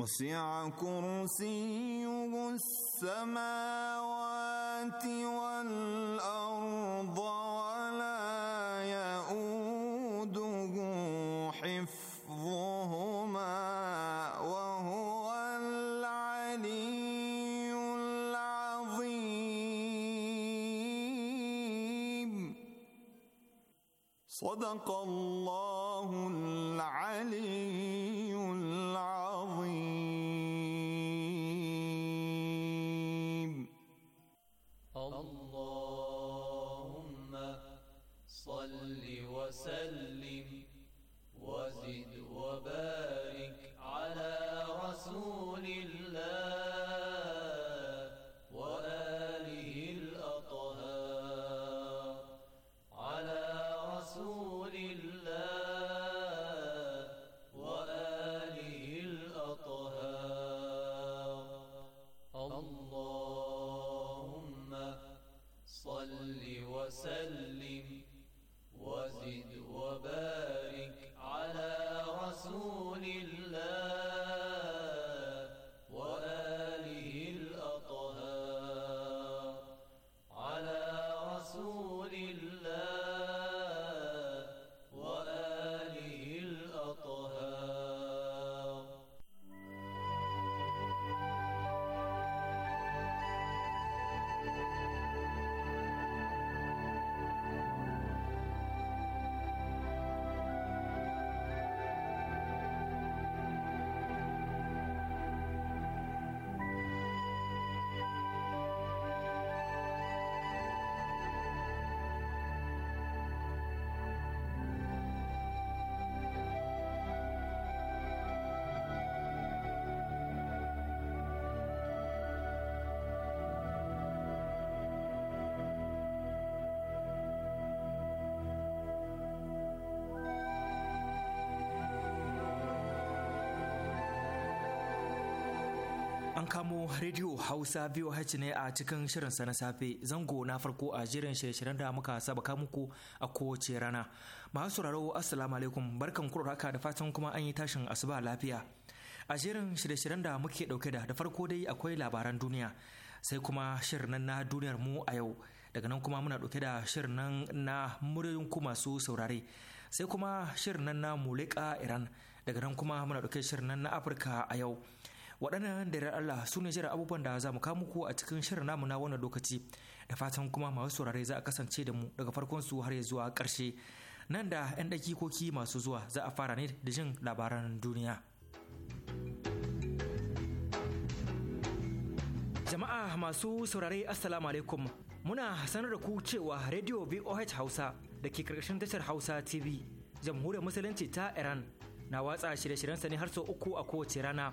وسع كرسيه السماوات An kamo rediyo Hausa VOH ne a cikin shirin sa na safe zango na farko a jirin shirye-shiryen da muka sabaka muku a kowace rana. Masu sauraro Assalamu alaikum barkan kuro haka da fatan kuma an yi tashin asuba lafiya. A jirin shirye-shiryen da muke dauke da farko dai akwai labaran duniya sai kuma shirin na duniyar mu a yau daga nan kuma muna dauke da shirin na muryoyin ku masu saurare sai kuma shirin na muleka Iran daga nan kuma muna dauke shirin na Afirka a yau. waɗannan da Allah su ne jira abubuwan da za mu kamu ku a cikin shirin namu na wannan lokaci da fatan kuma masu saurare za a kasance da mu daga farkon su har ya zuwa ƙarshe nan da 'yan dakikoki masu zuwa za a fara ne da jin labaran duniya jama'a masu saurare assalamu alaikum muna sanar da ku cewa radio voh hausa da ke karkashin tashar hausa tv jamhuriyar musulunci ta iran na watsa shirye shiryen ne har sau uku a kowace rana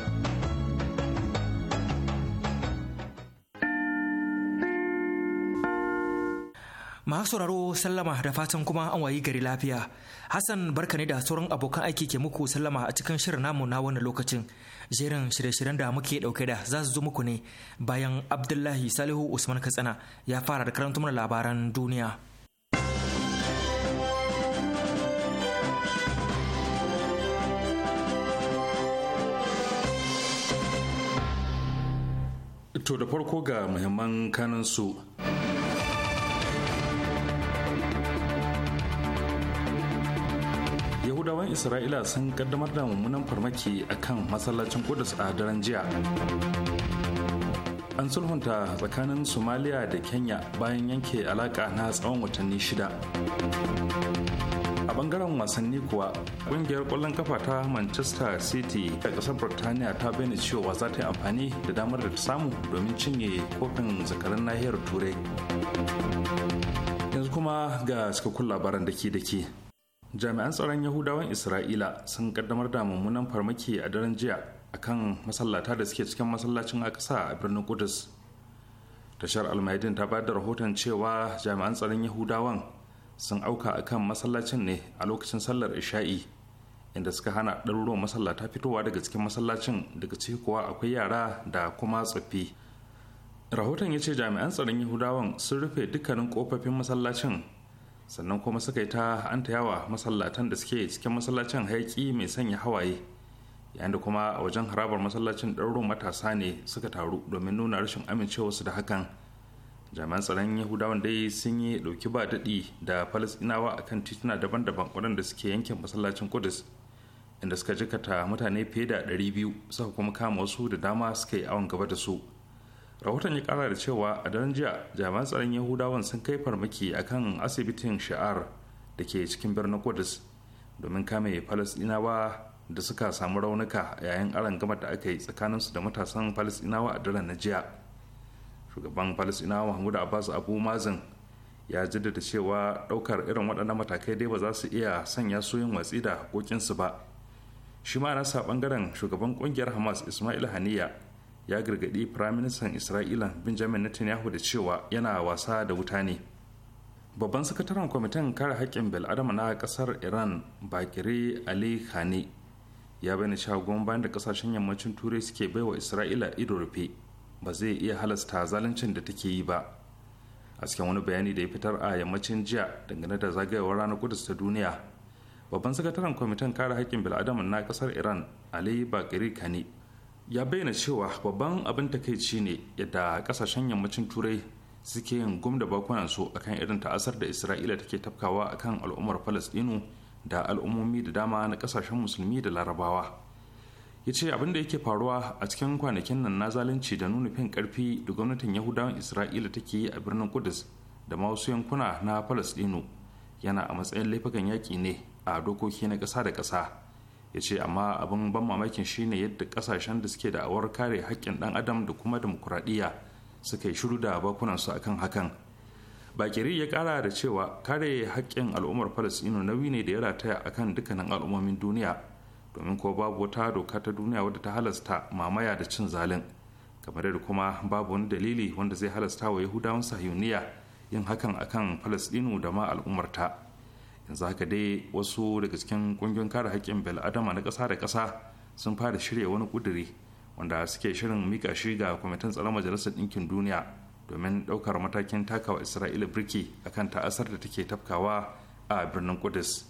masu sauraro sallama da fatan kuma an wayi gari lafiya hassan barka ne da sauran abokan aiki ke muku sallama a cikin shirin namu na wannan lokacin jerin shirye-shiryen da muke dauke da za su zo muku ne bayan abdullahi salihu usman katsina ya fara da karanta mana labaran duniya To da farko ga muhimman kanansu isra'ila sun kaddamar da mummunan farmaki a kan masallacin kudus a daren jiya an sulhunta tsakanin somaliya da kenya bayan yanke alaka na tsawon watanni shida a bangaren wasanni kuwa kungiyar kwallon kafa ta manchester city da kasar birtaniya ta bayyana cewa za ta yi amfani da damar da ta samu domin cinye kofin zakarin nahiyar turai yanzu kuma ga cikakkun labaran dake-dake jami'an tsaron yahudawan isra'ila sun kaddamar da mummunan farmaki a daren jiya akan masallata da suke cikin masallacin akasa a birnin kudus tashar almaidin ta da rahoton cewa jami'an tsaron yahudawan sun auka akan masallacin ne a lokacin sallar isha'i inda suka hana ɗaruruwan masallata fitowa daga cikin masallacin daga ciki kuwa akwai yara da kuma tsoffi. rahoton ya ce jami'an tsaron yahudawan sun rufe dukkanin kofofin masallacin sannan kuma suka yi ta yawa masallatan da suke cikin masallacin haiki mai sanya hawaye yayin da kuma a wajen harabar masallacin ɗaurin matasa ne suka taru domin nuna rashin amincewarsu da hakan jami'an tsaron yahudawan dai sun yi ɗauki ba daɗi da falasɗinawa a kan tituna daban-daban waɗanda suke yankin masallacin kudus inda suka jikata mutane fiye da ɗari biyu suka kuma kama wasu da dama suka yi awon gaba da su rahoton ya kara da cewa a daren jiya jami'an tsaron yahudawan sun kai farmaki a kan asibitin sha'ar da ke cikin birnin kudus domin kame falasdinawa da suka samu raunuka yayin aron gama da aka yi tsakaninsu da matasan falasdinawa a daren na jiya shugaban falasdinawa mahmud abbas abu mazin ya jaddada cewa ɗaukar irin waɗannan matakai dai ba za su iya sanya su yin watsi da haƙoƙinsu ba shi ma nasa ɓangaren shugaban ƙungiyar hamas ismail haniya ya gargadi firaministan isra'ila benjamin netanyahu da cewa yana wasa da wuta ne babban sakataren kwamitin kare haƙƙin bil'adama na ƙasar iran bakire ali khani ya bani shagon bayan da ƙasashen yammacin turai suke baiwa isra'ila ido rufe ba zai iya halasta zaluncin da take yi ba a cikin wani bayani da ya fitar a yammacin jiya dangane da zagayewar ranar kudus ta duniya babban sakataren kwamitin kare haƙƙin bil'adama na ƙasar iran ali bakire khani ya bayyana cewa babban abin takaici ne yadda kasashen yammacin turai suke yin gum da su akan irin ta'asar da isra'ila take tafkawa akan al'ummar falastinu da al'ummomi da dama na kasashen musulmi da larabawa ya ce abin da yake faruwa a cikin kwanakin nan na zalunci da nuna fin karfi da gwamnatin yahudawan isra'ila take yi a birnin kudus da ma wasu yankuna na falastinu yana a matsayin laifukan yaƙi ne a dokoki na ƙasa da ƙasa ya ce amma abin ban mamakin shine yadda kasashen da suke da awar kare haƙƙin ɗan adam da kuma demokuraɗiyya suka yi shiru da bakunansu a kan hakan bakiri ya kara da cewa kare haƙƙin al'ummar falasɗinu nauyi ne da ya rataya a kan dukkanin al'ummomin duniya domin ko babu wata doka ta duniya wadda ta halasta mamaya da cin zalin kamar da kuma babu wani dalili wanda zai halasta wa yahudawan sahiyuniya yin hakan akan falasɗinu da ma al'ummarta yanzu haka dai wasu daga cikin kungiyoyin kare haƙƙin bil'adama na ƙasa da ƙasa sun fara shirya wani ƙuduri wanda suke shirin mika shi ga kwamitin tsaron majalisar ɗinkin duniya domin ɗaukar matakin takawa isra'ila birki akan ta'asar da take tafkawa a birnin kudus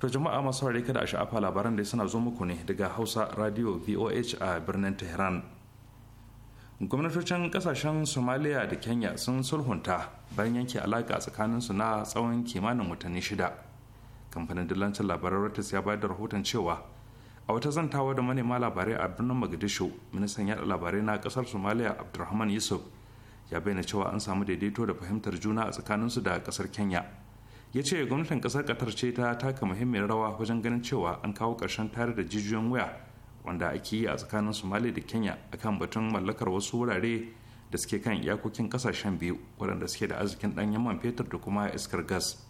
to jama'a masu da a sha'afa labaran da suna zo muku ne daga hausa radio voh a birnin tehran gwamnatocin kasashen somaliya da kenya sun sulhunta bayan yanke alaƙa tsakaninsu na tsawon kimanin watanni shida kamfanin dillancin labaran reuters ya bayar da rahoton cewa a wata zantawa da manema labarai a birnin magadishu ministan yada labarai na kasar somaliya abdulrahman yusuf ya bayyana cewa an samu daidaito da fahimtar juna a tsakaninsu da kasar kenya ya ce gwamnatin kasar katar ce ta taka muhimmiyar rawa wajen ganin cewa an kawo ƙarshen tare da jijiyoyin waya wanda ake yi a tsakanin somali da kenya akan batun mallakar wasu wurare da suke kan iyakokin kasashen biyu waɗanda suke da arzikin ɗanyen man fetur da kuma iskar gas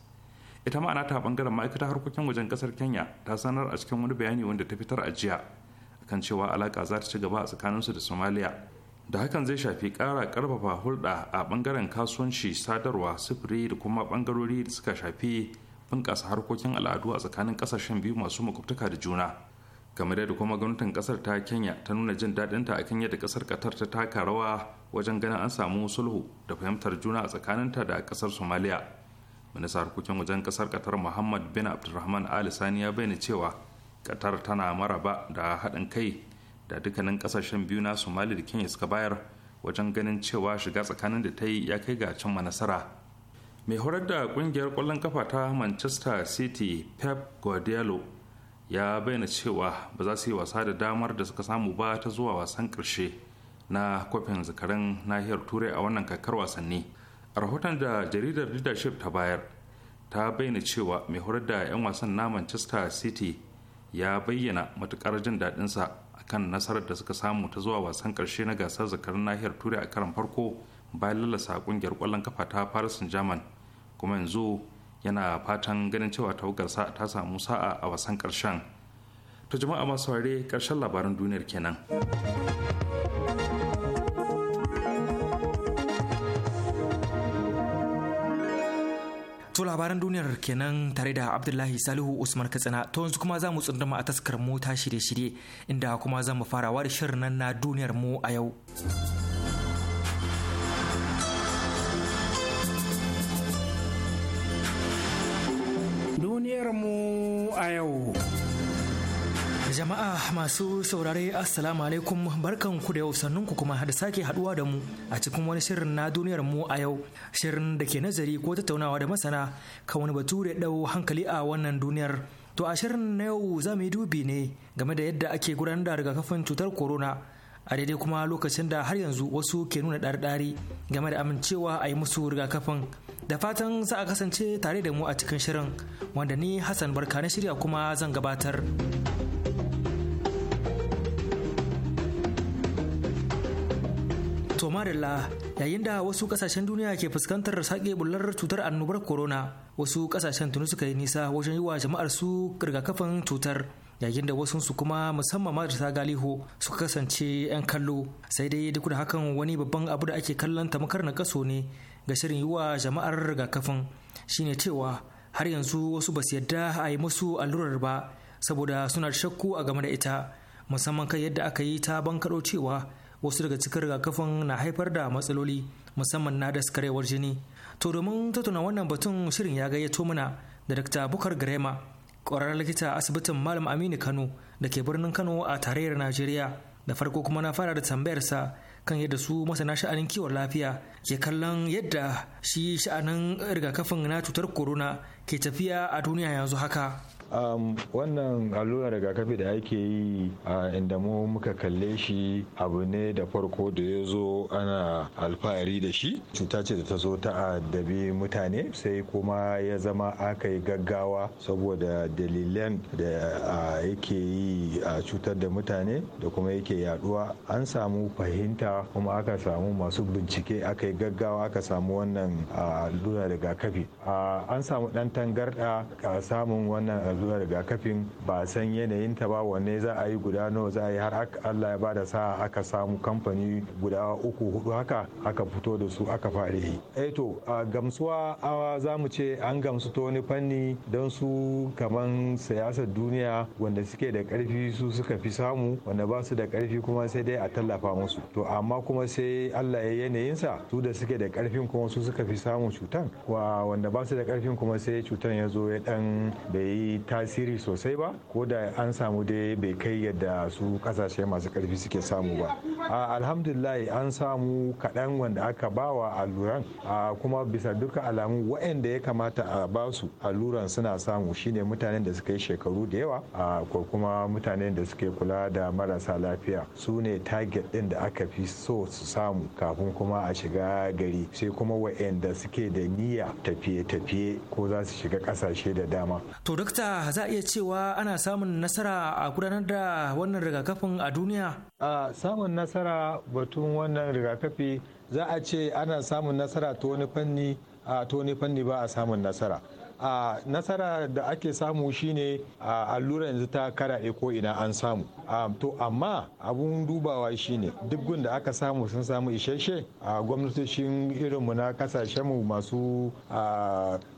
ita ma'ana ta bangaren ma'aikatar harkokin wajen kasar kenya ta sanar a cikin wani bayani wanda ta fitar a jiya kan cewa alaka za ta ci gaba a tsakaninsu da somaliya da hakan zai shafi ƙara ƙarfafa hulɗa a bangaren kasuwanci sadarwa sufuri da kuma bangarori da suka shafi bunƙasa harkokin al'adu a tsakanin ƙasashen biyu masu makwabtaka da juna kamar yadda kuma gwamnatin kasar ta kenya ta nuna jin daɗinta a kan yadda kasar katar ta taka rawa wajen ganin an samu sulhu da fahimtar juna a tsakaninta da kasar somaliya minista harkokin wajen kasar katar muhammad bin abdulrahman ali sani ya bayyana cewa katar tana maraba da haɗin kai da dukkanin kasashen biyu na somali da kenya suka bayar wajen ganin cewa shiga tsakanin da ta yi ya kai ga cimma nasara mai horar da kungiyar kwallon kafa ta manchester city pep guardiola ya bayyana cewa ba za su yi wasa da damar da suka samu ba ta zuwa wasan ƙarshe na kofin zakaran nahiyar turai a wannan kakar wasanni a rahoton da jaridar leadership ta bayar ta bayyana cewa mai horar da 'yan wasan na manchester city ya bayyana matukar jin daɗinsa kan nasarar da suka samu ta zuwa wasan ƙarshe na gasar zakaran nahiyar turai a karan farko bayan lalasa ƙungiyar kwallon kafa ta paris saint-germain kuma yanzu yana fatan ganin cewa tawagarsa ta samu sa'a a wasan karshen to jama'a masu ware karshen labaran duniyar kenan To labaran duniyar kenan tare da Abdullahi Salihu Usman Katsina to yanzu kuma za mu tsunduma a taskar mu ta shirye-shirye inda kuma za mu farawa da shirin na duniyar mu a yau. mu a yau. Jama'a masu saurare Assalamu alaikum barkan ku da yau sannun ku kuma da sake haduwa da mu a cikin wani shirin na duniyar mu a yau shirin da ke nazari ko tattaunawa da masana kan wani batu da dau hankali a wannan duniyar. To a shirin na yau za mu yi dubi ne game da yadda ake gudanar da rigakafin cutar corona a daidai kuma lokacin da har yanzu wasu ke nuna ɗarɗari game da amincewa a yi musu rigakafin da fatan za a kasance tare da mu a cikin shirin wanda ni hassan barka na shirya kuma zan gabatar tomarilla yayin da wasu kasashen duniya ke fuskantar sake bullar cutar annobar corona wasu kasashen tunu suka yi nisa wajen yi wa jama'ar su rigakafin cutar yayin da wasu su kuma musamman madrasa galiho suka kasance 'yan kallo sai dai duk da hakan wani babban abu da ake kallon tamakar na kaso ne ga shirin yi wa jama'ar rigakafin shine cewa har yanzu wasu ba su yarda a yi musu allurar ba saboda suna da shakku a game da ita musamman kan yadda aka yi ta bankaɗo cewa wasu daga cikin rigakafin na haifar da matsaloli musamman na daskarewar jini to domin tattauna wannan batun shirin ya gayyato mana da dr bukar grema ƙwararren likita a asibitin malam aminu kano da ke birnin kano a tarayyar najeriya da farko kuma na fara da tambayarsa kan yadda su masana sha'anin kiwon lafiya ke kallon yadda shi sha'anin rigakafin na cutar corona ke tafiya a duniya yanzu haka Um, wannan allura rigakafi da ake yi a inda mu muka kalle shi abu ne da farko da ya zo ana alfahari da shi cuta ce da ta zo ta addabi mutane sai kuma ya zama aka yi gaggawa saboda dalilan da yake yi a cutar da mutane da kuma yake yaduwa an samu fahimta kuma aka samu masu bincike aka yi gaggawa aka samu wannan allura rigakafi an samu dan tangarda ka samun wannan zuwa rigakafin ba a san yanayin ta ba wanne za a yi guda nawa za a yi har Allah ya bada sa aka samu kamfani guda uku hudu haka aka fito da su aka fare yi. Eh to a gamsuwa awa za mu ce an gamsu ta wani fanni don su kaman siyasar duniya wanda suke da karfi su suka fi samu wanda ba su da karfi kuma sai dai a tallafa musu. To amma kuma sai Allah ya yanayinsa su da suke da karfin kuma su suka fi samu cutan wa wanda ba su da karfin kuma sai cutan ya zo ya dan bai tasiri sosai ba ko da an samu dai bai kai yadda su kasashe masu karfi suke samu ba alhamdulillah an samu kaɗan wanda aka bawa alluran kuma bisa duka alamu waɗanda ya kamata a ba basu alluran suna samu shine mutanen da suka yi shekaru da yawa ko kuma mutanen da suke kula da marasa lafiya su ne target ɗin da aka fi so su samu kafin kuma a shiga gari sai kuma waɗanda suke da niyya tafiye-tafiye ko za su shiga ƙasashe da dama to dokta za a iya cewa ana samun nasara a gudanar da wannan rigakafin a duniya? A samun nasara batun wannan rigakafi za a ce ana samun nasara ta wani fanni a ta wani fanni ba a samun nasara. a nasara da ake samu shine a allura yanzu ta kara ko ina an samu to amma abun dubawa shine duk gun da aka samu sun samu isasshe a gwamnatocin irinmu na kasashenmu masu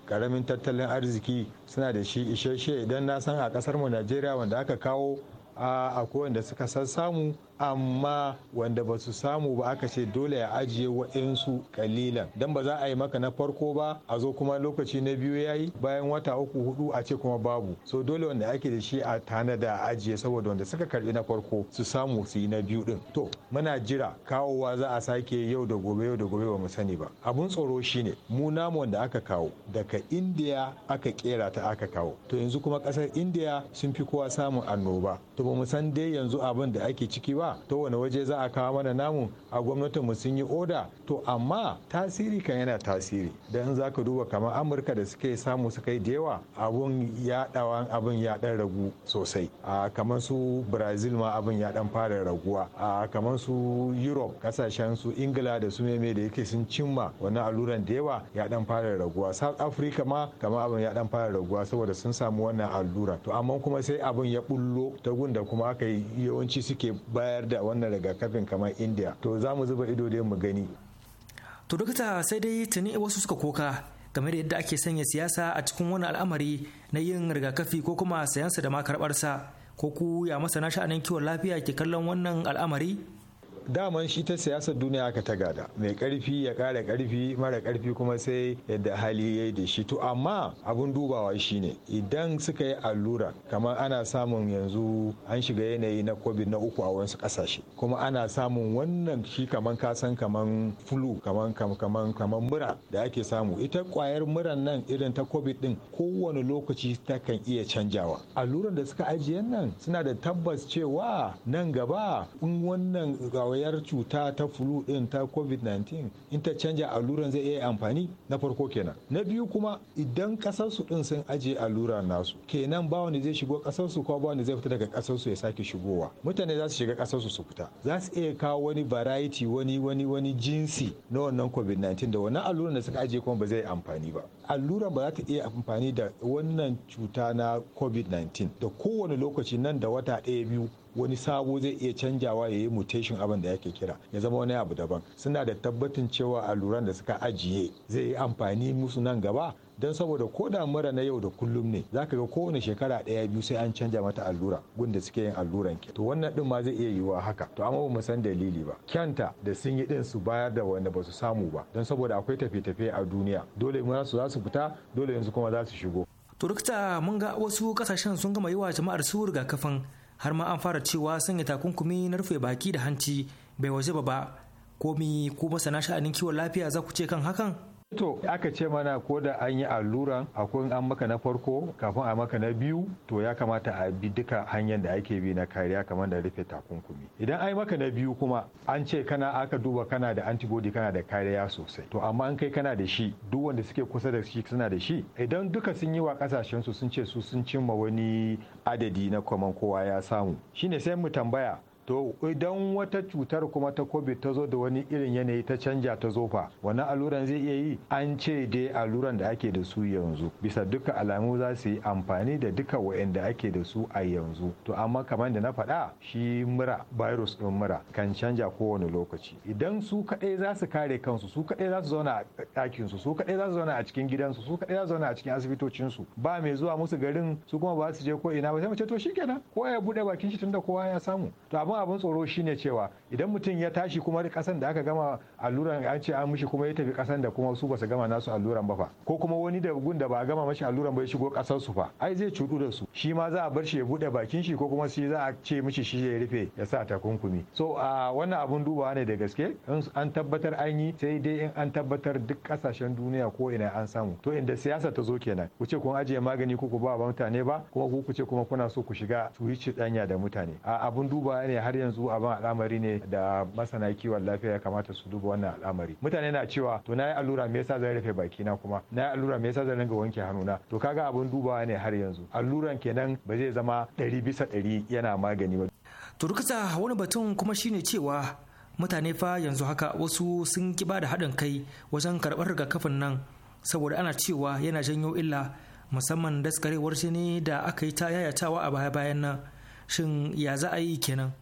karamin tattalin arziki suna da shi isasshe idan na san a kasar mu najeriya wanda aka kawo a wanda suka san samu amma wanda ba su samu ba aka ce dole ya ajiye wa'insu kalilan don ba za a yi maka na farko ba a zo kuma lokaci na biyu yayi bayan wata uku hudu a ce kuma babu so dole wanda ake da shi a tana da ajiye saboda wanda suka karbi na farko su samu su yi na biyu din to muna jira kawowa za a sake yau da gobe yau da gobe ba mu sani ba abun tsoro shine mu namu wanda aka kawo daga indiya aka kera ta aka kawo to yanzu kuma kasar indiya sun fi kowa samun annoba to ba mu san dai yanzu abin da ake ciki ba to wani waje za a kawo mana namu a gwamnatin mu sun yi oda to amma tasiri kan yana tasiri dan za ka duba kamar amurka da suke samu suka yi da abun ya abun ya dan ragu sosai a kamar su brazil ma abun ya dan fara raguwa a kamar su europe kasashen su ingila da su meme da yake sun cimma wani alluran da yawa ya dan fara raguwa south africa ma kamar abun ya dan fara raguwa saboda sun samu wannan allura to amma kuma sai abun ya bullo ta da kuma aka yi yawanci suke baya bayar da wannan rigakafin kamar india to za mu zuba ido da mu gani to dokta sai dai tuni wasu suka koka game da yadda ake sanya siyasa a cikin wani al'amari na yin rigakafi ko kuma sayansa da ma karɓarsa ko ku ya masana sha'anin kiwon lafiya ke kallon wannan al'amari daman shi ta siyasar duniya aka ta gada mai karfi ya kara karfi mara karfi kuma sai yadda hali ya yi da shi to amma abun dubawa shine idan suka yi allura kamar ana samun yanzu an shiga yanayi na covid na uku a wasu kasashe kuma ana samun wannan shi kamar kasan kaman flu kamar kamar kamar mura da ake samu ita kwayar muran nan irin ta covid din kowane lokaci takan iya canjawa alluran da suka ajiye nan suna da tabbas cewa nan gaba in wannan kwayar cuta ta flu din ta covid-19 in ta canja alluran zai iya amfani na farko kenan na biyu kuma idan ƙasarsu din sun ajiye allura nasu kenan ba wani zai shigo kasarsu kuma ko ba wani zai fita daga kasarsu ya sake shigowa mutane za su shiga kasarsu su fita za su iya kawo wani variety wani wani wani jinsi na wannan covid-19 da wannan alluran da suka ajiye kuma ba zai amfani ba alluran ba za ta iya amfani da wannan cuta na covid-19 da kowane lokaci nan da wata ɗaya biyu wani sabo zai iya canjawa ya yi mutation abin da yake kira ya zama wani abu daban suna da tabbatin cewa alluran da suka ajiye zai yi amfani musu nan gaba don saboda ko da mura na yau da kullum ne za ka ga kowane shekara ɗaya biyu sai an canja mata allura gunda suke yin alluran ke to wannan din ma zai iya yiwuwa haka to amma ba mu san dalili ba kyanta da sun yi din su bayar da wanda ba su samu ba don saboda akwai tafiye-tafiye a duniya dole mu su za su fita dole yanzu kuma za su shigo to mun ga wasu kasashen sun gama yi wa jama'ar su rigakafin har ma an fara cewa sanya takunkumi na rufe baki da hanci bai waje ba komi ko masana sha'anin kiwon lafiya za ku ce kan hakan To aka ce mana ko da an yi alluran akwai an maka na farko kafin a maka na biyu to ya kamata a bi duka hanyar da ake bi na kariya kamar da rufe takunkumi. Idan an yi maka na biyu kuma an ce kana aka duba kana da antibody kana da kariya sosai. To amma an kai kana da shi duk wanda suke kusa da shi suna da shi. Idan duka sun yi wa kasashen su sun ce su sun cimma wani adadi na kwaman kowa ya samu. Shine sai mu tambaya to idan wata cutar kuma ta covid ta zo da wani irin yanayi ta canja ta zofa wani alluran zai iya yi an ce dai alluran da ake da su yanzu bisa duka alamu za su yi amfani da duka wa'anda ake da su a yanzu to amma kamar da na faɗa shi mura virus ɗin mura kan canja kowane lokaci idan su kaɗai za su kare kansu su kaɗai za su zauna a ɗakinsu su kaɗai za su zauna a cikin gidansu su kaɗai za su zauna a cikin asibitocinsu ba mai zuwa musu garin su kuma ba su je ko ina ba sai mu ce to shikenan ko ya buɗe bakin shi tunda kowa ya samu to amma kuma abin tsoro shine cewa idan mutum ya tashi kuma kasan da aka gama alluran an ce an mishi kuma ya tafi kasan da kuma su basu gama nasu alluran ba fa ko kuma wani da gun da ba a gama mashi alluran ba ya shigo kasar su fa ai zai cudu da su shi ma za a bar shi ya bude bakin shi ko kuma shi za a ce mishi shi ya rufe ya sa takunkumi so a wannan abun dubawa ne da gaske in an tabbatar an yi sai dai in an tabbatar duk kasashen duniya ko ina an samu to inda siyasa ta zo kenan ku ce kun ajiye magani ku ku ba mutane ba kuma ku ku ce kuma kuna so ku shiga su yi danya da mutane a abun dubawa ne har yanzu abin al'amari ne da masana kiwon lafiya ya kamata su duba wannan al'amari mutane na cewa to na yi allura me yasa zan rufe baki na kuma na yi allura me yasa zan ga wanke hannuna to kaga abin dubawa ne har yanzu alluran kenan ba zai zama ɗari bisa ɗari yana magani ba. to rukata wani batun kuma shine cewa mutane fa yanzu haka wasu sun ki da haɗin kai wajen karɓar rigakafin nan saboda ana cewa yana janyo illa musamman daskarewar jini da aka yi ta yayatawa a baya-bayan nan shin ya za a yi kenan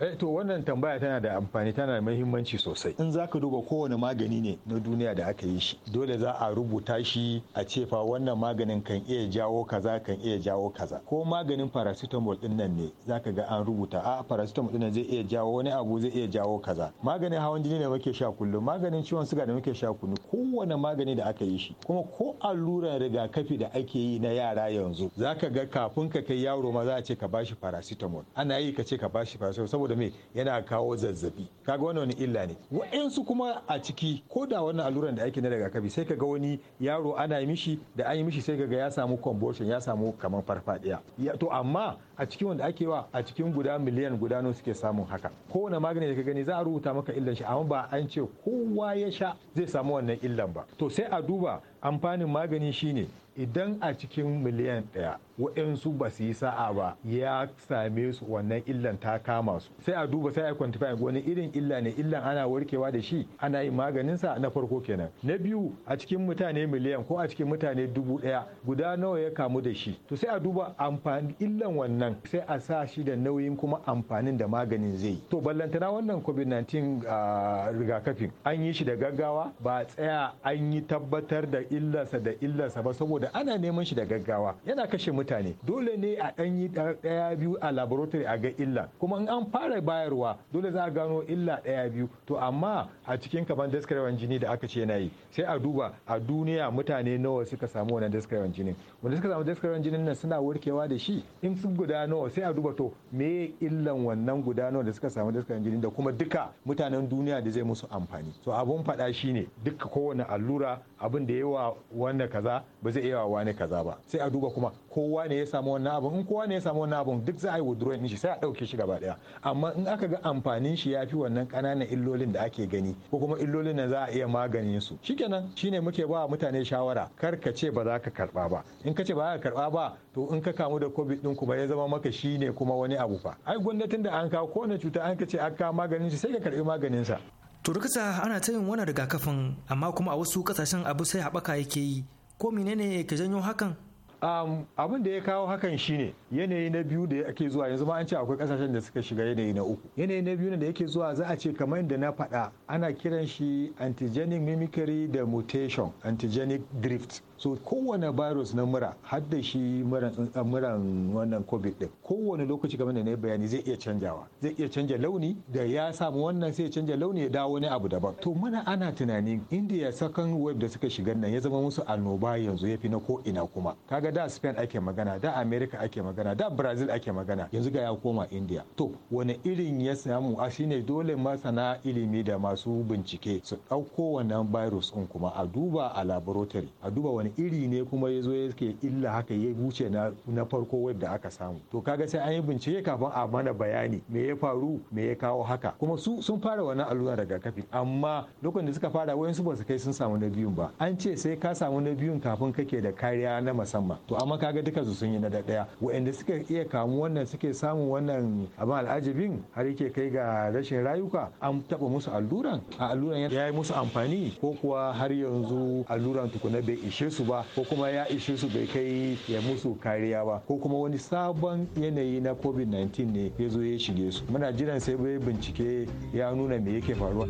eh to wannan tambaya tana da amfani tana da muhimmanci sosai in zaka duba kowane magani ne na duniya da aka yi shi dole za a rubuta shi a ce fa wannan maganin kan iya jawo kaza kan iya jawo kaza ko maganin paracetamol din nan ne zaka ga an rubuta a paracetamol din nan zai iya jawo wani abu zai iya jawo kaza maganin hawan jini ne muke sha kullum maganin ciwon suga da muke sha kullum kowane magani da aka yi shi kuma ko alluran rigakafi da ake yi na yara yanzu zaka ga kafin ka kai yaro ma za a ce ka bashi paracetamol ana yi ka ce ka bashi paracetamol saboda mai yana kawo zazzabi kaga wannan wani illa ne wa'ansu kuma a ciki ko da wannan alluran da ake na daga kabi sai kaga wani yaro ana yi mishi da an yi mishi sai kaga ya samu convulsion ya samu kamar farfadiya to amma a cikin wanda ake wa a cikin guda miliyan guda nawa suke samun haka kowane magani da ka gani za a rubuta maka illan shi amma ba an ce kowa ya sha zai samu wannan illan ba to sai a duba amfanin magani shine idan a cikin miliyan ɗaya waɗansu ba su yi sa'a ba ya same su wannan illan ta kama su sai a duba sai a a wani irin illa ne illan ana warkewa da shi ana yin maganinsa na farko kenan na biyu a cikin mutane miliyan ko a cikin mutane dubu ɗaya guda nawa ya kamu da shi to sai a duba amfani illan wannan sai a sa shi da nauyin kuma amfanin da maganin zai yi to ballantana wannan covid-19 ah, rigakafin an yi shi da gaggawa ba tsaya an yi tabbatar da illarsa da illarsa ba saboda ana neman shi da gaggawa yana kashe mutane mutane dole ne a dan yi ɗaya biyu a laboratory a ga illa kuma in an fara bayarwa dole za a gano illa daya biyu to amma a cikin kaman deskarewan jini da aka ce na yi sai a duba a duniya mutane nawa suka samu wannan deskarewan jini. wanda suka samu deskarewan jinin nan suna warkewa da shi in su guda nawa sai a duba to me illan wannan guda nawa da suka samu deskarewan jini da kuma duka mutanen duniya da zai musu amfani to abun faɗa shine duka kowane allura abin da yawa wanda kaza ba zai yawa wani kaza ba sai a duba kuma kowa ne ya samu wannan abun in kowa ne ya samu wannan abun duk za a yi withdrawing shi sai a dauke shi gaba daya amma in aka ga amfanin shi ya fi wannan kananan illolin da ake gani ko kuma illolin da za a iya maganin su shikenan shine muke ba mutane shawara kar ka ce ba za ka karba ba in ka ce ba za ka karba ba to in ka kamu da covid din kuma ya zama maka shine kuma wani abu fa ai gwamnatin da an kawo kowane cuta an ka ce aka kawo maganin shi sai ka karbi maganin sa to rukusa ana ta yin wannan rigakafin amma kuma a wasu kasashen abu sai haɓaka yake yi ko menene ka janyo hakan Um, abin da ya kawo hakan shine yanayi na biyu da ake zuwa yanzu ma an ce akwai kasashen da suka shiga yanayi na uku yanayi na biyu da yake zuwa za a ce kamar da na faɗa ana kiran shi antigenic mimicry da mutation antigenic drift so kowane virus na mura hadda shi eh, muran wannan covid din kowane lokaci kamar da na bayani zai iya canjawa zai iya canja launi da ya samu wannan sai ya canja launi ya dawo wani abu daban to mana ana tunanin india sakan web da suka shiga nan ya zama musu annoba yanzu ya fi na ko ina kuma kaga da spain ake magana da america ake magana da brazil ake magana yanzu ga ya koma india to wani irin ya samu a shine dole masana ilimi da masu bincike su ɗauko wannan virus din kuma a duba a laboratory a duba wani wani iri ne kuma ya zo yake illa haka ya wuce na farko wadda aka samu to kaga sai an yi bincike kafin a mana bayani me ya faru me ya kawo haka kuma su sun fara wannan allura daga kafi amma lokacin da suka fara wayansu ba su kai sun samu na biyun ba an ce sai ka samu na biyun kafin kake da kariya na musamman to amma kaga duka su sun yi na daya wayanda suka iya kamu wannan suke samun wannan abin al'ajabin har yake kai ga rashin rayuka an taba musu alluran a alluran ya yi musu amfani ko kuwa har yanzu alluran tukuna bai ishe su su ba ko kuma ya ishe su bai kai ya musu kariya ba ko kuma wani sabon yanayi na covid-19 ne ya zo ya shige su muna jiran sai bai bincike ya nuna me yake faruwa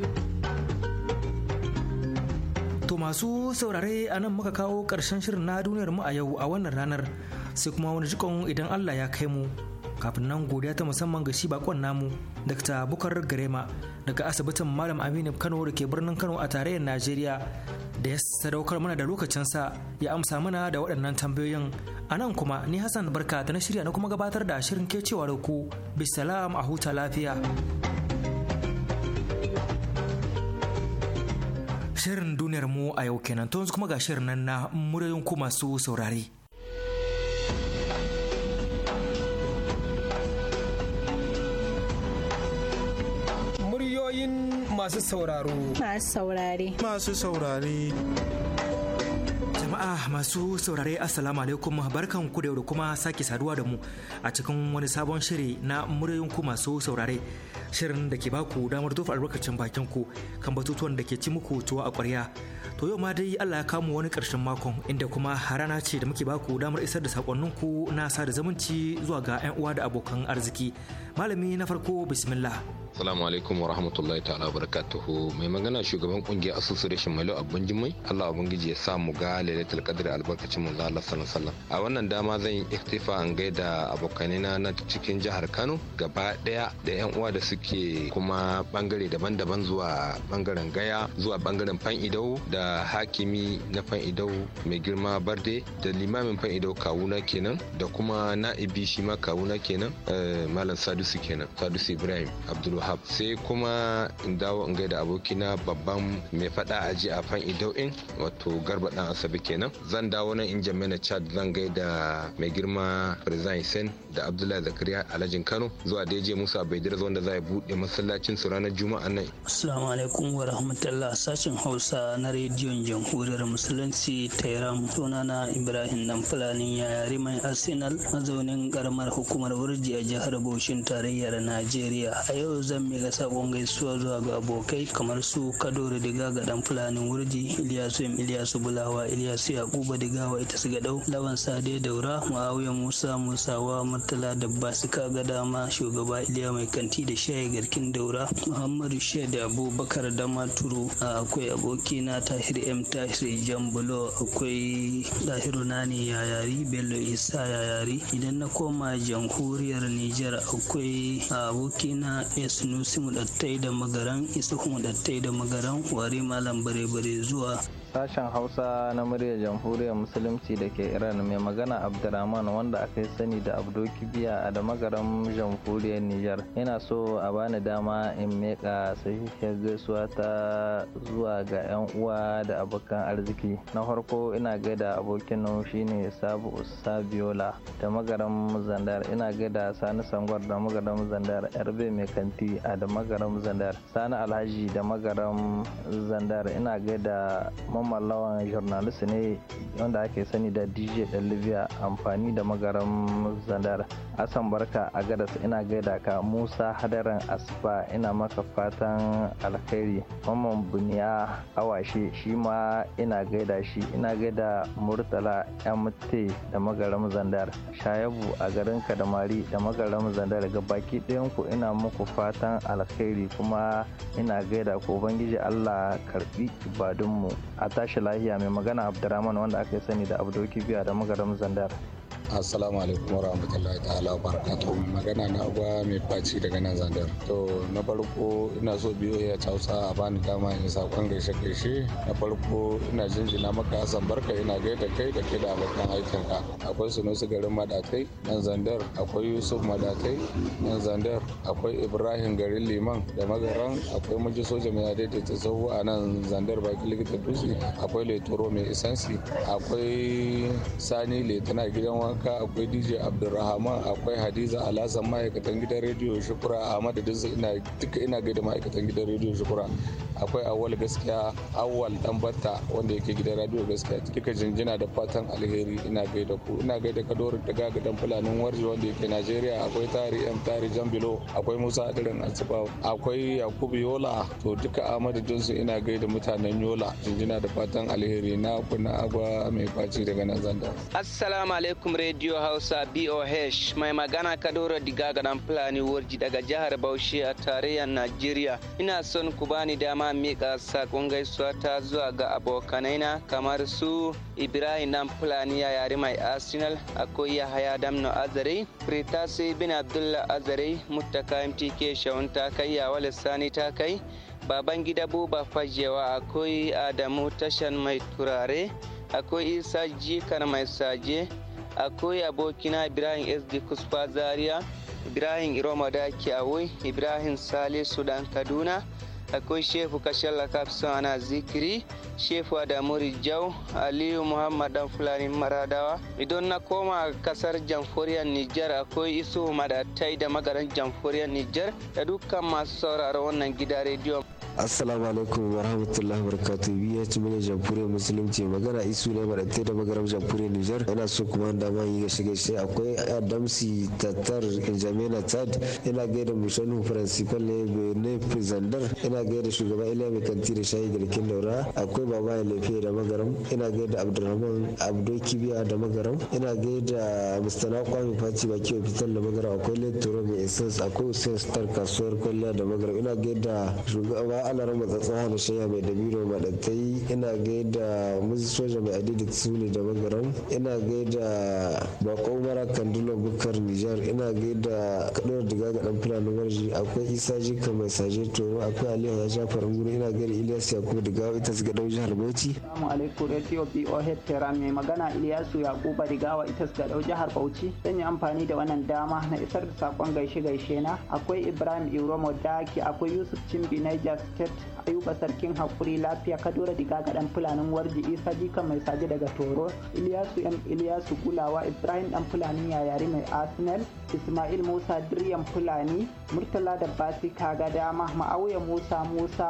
To masu saurare a nan muka kawo ƙarshen shirin na duniyar mu a yau a wannan ranar sai kuma wani jikon idan Allah ya kai mu kafin nan godiya ta musamman ga shi bakon namu dr bukar garema daga asibitin malam aminu kano da ke birnin kano a tarayyar najeriya da ya sadaukar mana da lokacinsa ya amsa mana da waɗannan tambayoyin a nan kuma ni hassan barka da na shirya na kuma gabatar da shirin cewa da ku bisalam a huta lafiya shirin duniyar mu a yau kenan to kuma ga shirin nan na muryoyin ku masu saurare masu sauraro masu saurare masu saurare jama'a masu saurare assalamu alaikum barkan ku da kuma sake saduwa da mu a cikin wani sabon shiri na muryoyin ku masu saurare shirin da ke baku damar tofa albarkacin bakin ku kan batutuwan da ke ci muku tuwa a ƙwarya to yau ma dai Allah ya kamu wani karshen makon inda kuma harana ce da muke baku damar isar da sakonninku na sada zumunci zuwa ga 'yan uwa da abokan arziki malami na farko bismillah Assalamu alaikum wa rahmatullahi ta'ala barakatuhu mai magana shugaban kungiyar association mai abun jimai Allah ubangiji ya sa mu ga lailatul qadr albarkacin manzo Allah sallallahu alaihi a wannan dama zan yi iktifa an gaida abokanina na cikin jihar Kano gaba daya da yan uwa da suke kuma bangare daban-daban zuwa bangaren Gaya zuwa bangaren Fan Idau da hakimi na Fan Idau mai girma Barde da limamin Fan Idau kawuna kenan da kuma na'ibi shi ma kawuna kenan eh, malam Sadu sadusi kenan sadusi ibrahim abdulwahab sai kuma in dawo in gaida abokina babban mai fada ji a fan idau'in wato garba dan asabe kenan zan dawo nan in jammena chad zan gaida mai girma rizan hussein da abdullahi zakariya alhajin kano zuwa deje musa baidir wanda za a buɗe masallacin su ranar juma'a nan assalamu alaikum wa rahmatullah sashen hausa na rediyon jamhuriyar musulunci ta iran sunana ibrahim dan fulani yayari mai arsenal mazaunin karamar hukumar wurji a jihar bauchin tarayyar najeriya a yau zan ga sabon gaisuwa zuwa ga abokai kamar su kadori diga ga dan fulani wurji iliyasu iliyasu bulawa iliyasu yakuba diga wa ita su gadau lawan sade daura muawiya musa musawa Murtala su ka ga dama shugaba Iliya mai kanti da shayi garkin daura Muhammadu da Abubakar Damaturu akwai abokina Tahir M Tahir Jambulo akwai Tahiru Nani Yayari Bello Isa Yayari idan na koma jamhuriyar Nijar akwai abokina nusi Mudattai da Magaran isa Mudattai da Magaran Ware, Malam Bare Bare zuwa Sashen Hausa na murya Jamhuriyar Musulunci da ke Iran mai magana Abdurrahman wanda aka yi sani da Abdo a da magaram Jamhuriyar Nijar. yana so a bani dama in meka sahihiyar gaisuwa ta zuwa ga 'yan uwa da abokan arziki. Na farko ina gaida abokin nan shine Sabu Sabiola da magaram Zandar. Ina gaida Sani Sangwar da magaram Zandar. Yarbe mai kanti a da magaram Zandar. Sani Alhaji da magaram Zandar. Ina gaida babban lawan jurnalist ne wanda ake sani da dj dalibia amfani da magaran zandar asan barka a gadas ina gaida ka musa hadarin asba ina maka fatan alkhairi mamman buniya awashe shi ma ina gaida shi ina gaida murtala mt da magaran zandar shayabu a garin kadamari da magaran zandar ga baki ku ina muku fatan alkhairi kuma ina gaida ku ubangiji allah karbi ibadunmu a tashi lahiya mai magana abdurrahman wanda aka sani da abdoki biya da magaram zandar assalamu alaikum wa rahmatullahi ta'ala wa barakatuhu magana na agwa mai faci daga nan zandar to na farko ina so biyo ya tausa a bani dama in sakon gaishe gaishe na farko ina jinjina maka asan barka ina gaida kai da kai da abokan aikin ka akwai sunusu garin madatai nan zandar akwai yusuf madatai nan zandar akwai ibrahim garin liman da magaran akwai maji soja mai daidaita sahu a nan zandar baki likita dutse akwai leturo mai isansi akwai sani letana gidan kaka akwai dj abdulrahman akwai hadiza alhassan ma'aikatan gidan rediyo shukura a madadin ina duka ina gaida ma'aikatan gidan rediyo shukura akwai awal gaskiya awal dan batta wanda yake gidan radio gaskiya kika jinjina da fatan alheri ina gaida ku ina gaida kadorin daga gidan fulanin warji wanda yake najeriya akwai tari m tari jambilo akwai musa adirin asibaw akwai yakubu yola to duka amadu madadinsu ina gaida mutanen yola jinjina da fatan alheri na kuna agwa mai faci daga nan zanda assalamu alaikum radio hausa boh mai magana kadorin diga gidan dan fulani warji daga jihar bauchi a tarayyar najeriya ina son ku bani dama Na miƙa saƙon gaisuwa ta zuwa ga abokanaina kamar su ibrahim dan fulani ya yare mai arsenal akwai yahaya damna azare fritasi bin abdullah azare muttaka mtk shawun ta kai wale sani ta kai baban gida buba fajewa akwai adamu tashan mai turare akwai isa jikar mai saje akwai abokina ibrahim sd kusfa zaria ibrahim iroma daki ibrahim salisu dan kaduna akwai shefu kashalla kafison ana zikiri shefu adamu rijau aliyu muhammad dan fulani maradawa idan na koma kasar jamhuriyar nijar akwai iso madatai da magaran jamhuriyar nijar da dukkan masu sauraro wannan gida rediyon assalamu alaikum wa rahmatullahi wa barakatuh biya ci mune jamfure musulunci magana isu ne ta da magaram jamfure nijar Ina so kuma dama yi shige shi akwai adamsi tatar jamila tad ina gaida mushanu principal ne bene presenter ina gaida shugaba iliya mai kanti da shayi kin daura akwai baba ya lefe da magaram ina gaida abdurrahman Abdul kibiya da magaram ina gaida mustala kwami faci baki fitar da magaram akwai lettoro mai essence akwai usain star kasuwar kwalliya da magaram ina gaida shugaba alar matsatsin hana shanya mai dabino madattai ina gaida musu soja mai adidi tsule da magaram ina gaida bako mara kandula bukar nijar ina gaida kaduwar diga ga dan fulani warji akwai isa jika mai saje toro akwai aliyu ya jafar nguru ina gaida ilyas yakubu diga ita su gadau jihar bauchi assalamu alaikum radio boh tera mai magana ilyasu yakuba digawa ita ga gadau jihar bauchi zan yi amfani da wannan dama na isar da sakon gaishe gaishe na akwai ibrahim iromo daki akwai yusuf cimbi niger Market ayuba sarkin hakuri lafiya kadora diga ga dan fulanin warji isa jika mai saje daga toro iliyasu m iliyasu gulawa ibrahim dan fulanin yayari mai arsenal ismail musa diryan fulani murtala da basi kaga dama ma'auya musa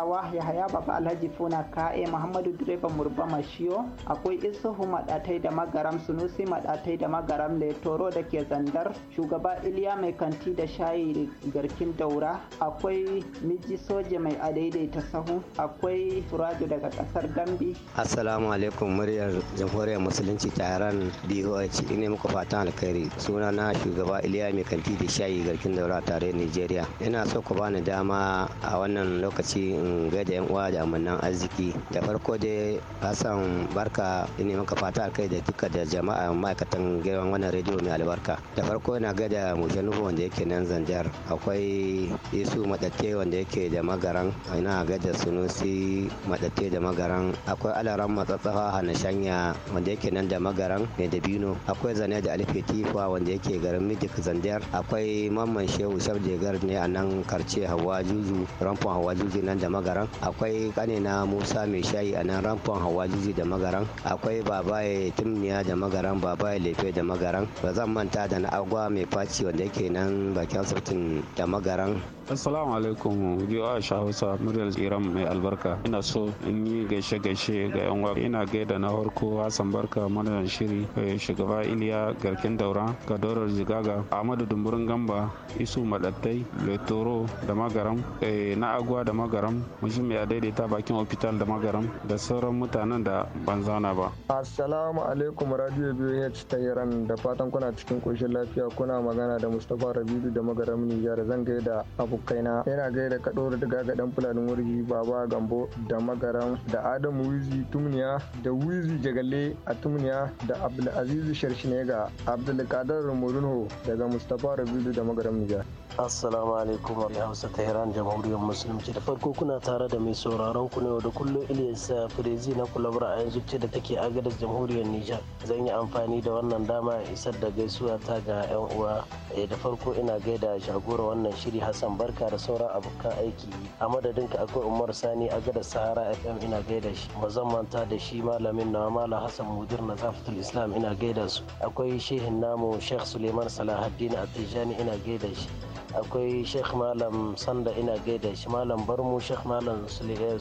Wahya yahaya baba alhaji funa ka'e muhammadu direban murba mashiyo akwai isuhu madatai da magaram sunusi madatai da magaram letoro da ke zandar shugaba iliya mai kanti da shayi garkin daura akwai miji soja mai adaidai daidaita sahu akwai turajo daga kasar gambi assalamu alaikum muryar jamhuriyar musulunci taron boh ina muku fatan alkhairi suna na shugaba iliya mai kanti da shayi garkin daura tare nigeria ina so ku bani dama a wannan lokaci in gaida yan uwa da amannan arziki da farko dai hassan barka ina muka fata alkhairi da duka da jama'a ma'aikatan gidan wannan rediyo mai albarka da farko ina gaida mujanuhu wanda yake nan zanjar akwai isu madatte wanda yake da magaran ina suno sunusi madatte da magaran akwai alaran matsatsafa hana shanya wanda yake nan da magaran mai dabino akwai zane da alfe tifa wanda yake garin mijik zandar akwai mamman shehu sabdegar ne a nan karce hawa juju rampon hawa juju nan da magaran akwai kanina musa mai shayi a nan rampon hawa juju da magaran akwai babaye timniya da magaran babaye lefe da magaran ba zan manta da na agwa mai faci wanda yake nan bakin asibitin da magaran assalamu alaikum biyu sha hausa muryar tsiran mai albarka ina so in yi gaishe gaishe ga yan wa ina gaida na farko hassan barka manajan shiri eh, shugaba iliya garkin daura ziga zigaga ahmadu dumburin gamba isu madattai letoro da magaram eh, na agwa da magaram mutum ya daidaita bakin ofital da magaram da sauran mutanen da ban zana ba assalamu alaikum radio biyu ta iran da fatan kuna cikin koshin lafiya kuna magana da mustapha rabidu da magaram nijar zan gaida abu abokaina yana gaida kaɗo daga ga dan fulanin murji baba gambo da magaram da adamu wizi tumniya da wizi jagale a tumniya da abdulaziz sharshinega abdulkadar murunho daga mustapha rabidu da magaram nijar Assalamu alaikum wa Hausa ta Iran Jamhuriyar Musulunci da farko kuna tare da mai sauraron ku ne da kullum Ilyas Firezi na kulabar a yanzu ce da take agadar Jamhuriyar Nijar. Zan yi amfani da wannan dama isar da gaisuwa ta ga 'yan uwa. Eh, da farko ina gaida shagora wannan shiri Hassan Barka da sauran abokan aiki. A madadinka akwai Umar Sani agadar Sahara FM ina gaida shi. manta da shi malamin na Malam Hassan Mudir na Zafatul Islam ina gaida su. Akwai shehin namu Sheikh Suleiman Salahaddin Atijani ina gaida shi. akwai sheikh malam sanda ina gaida shi malam barmu sheikh malam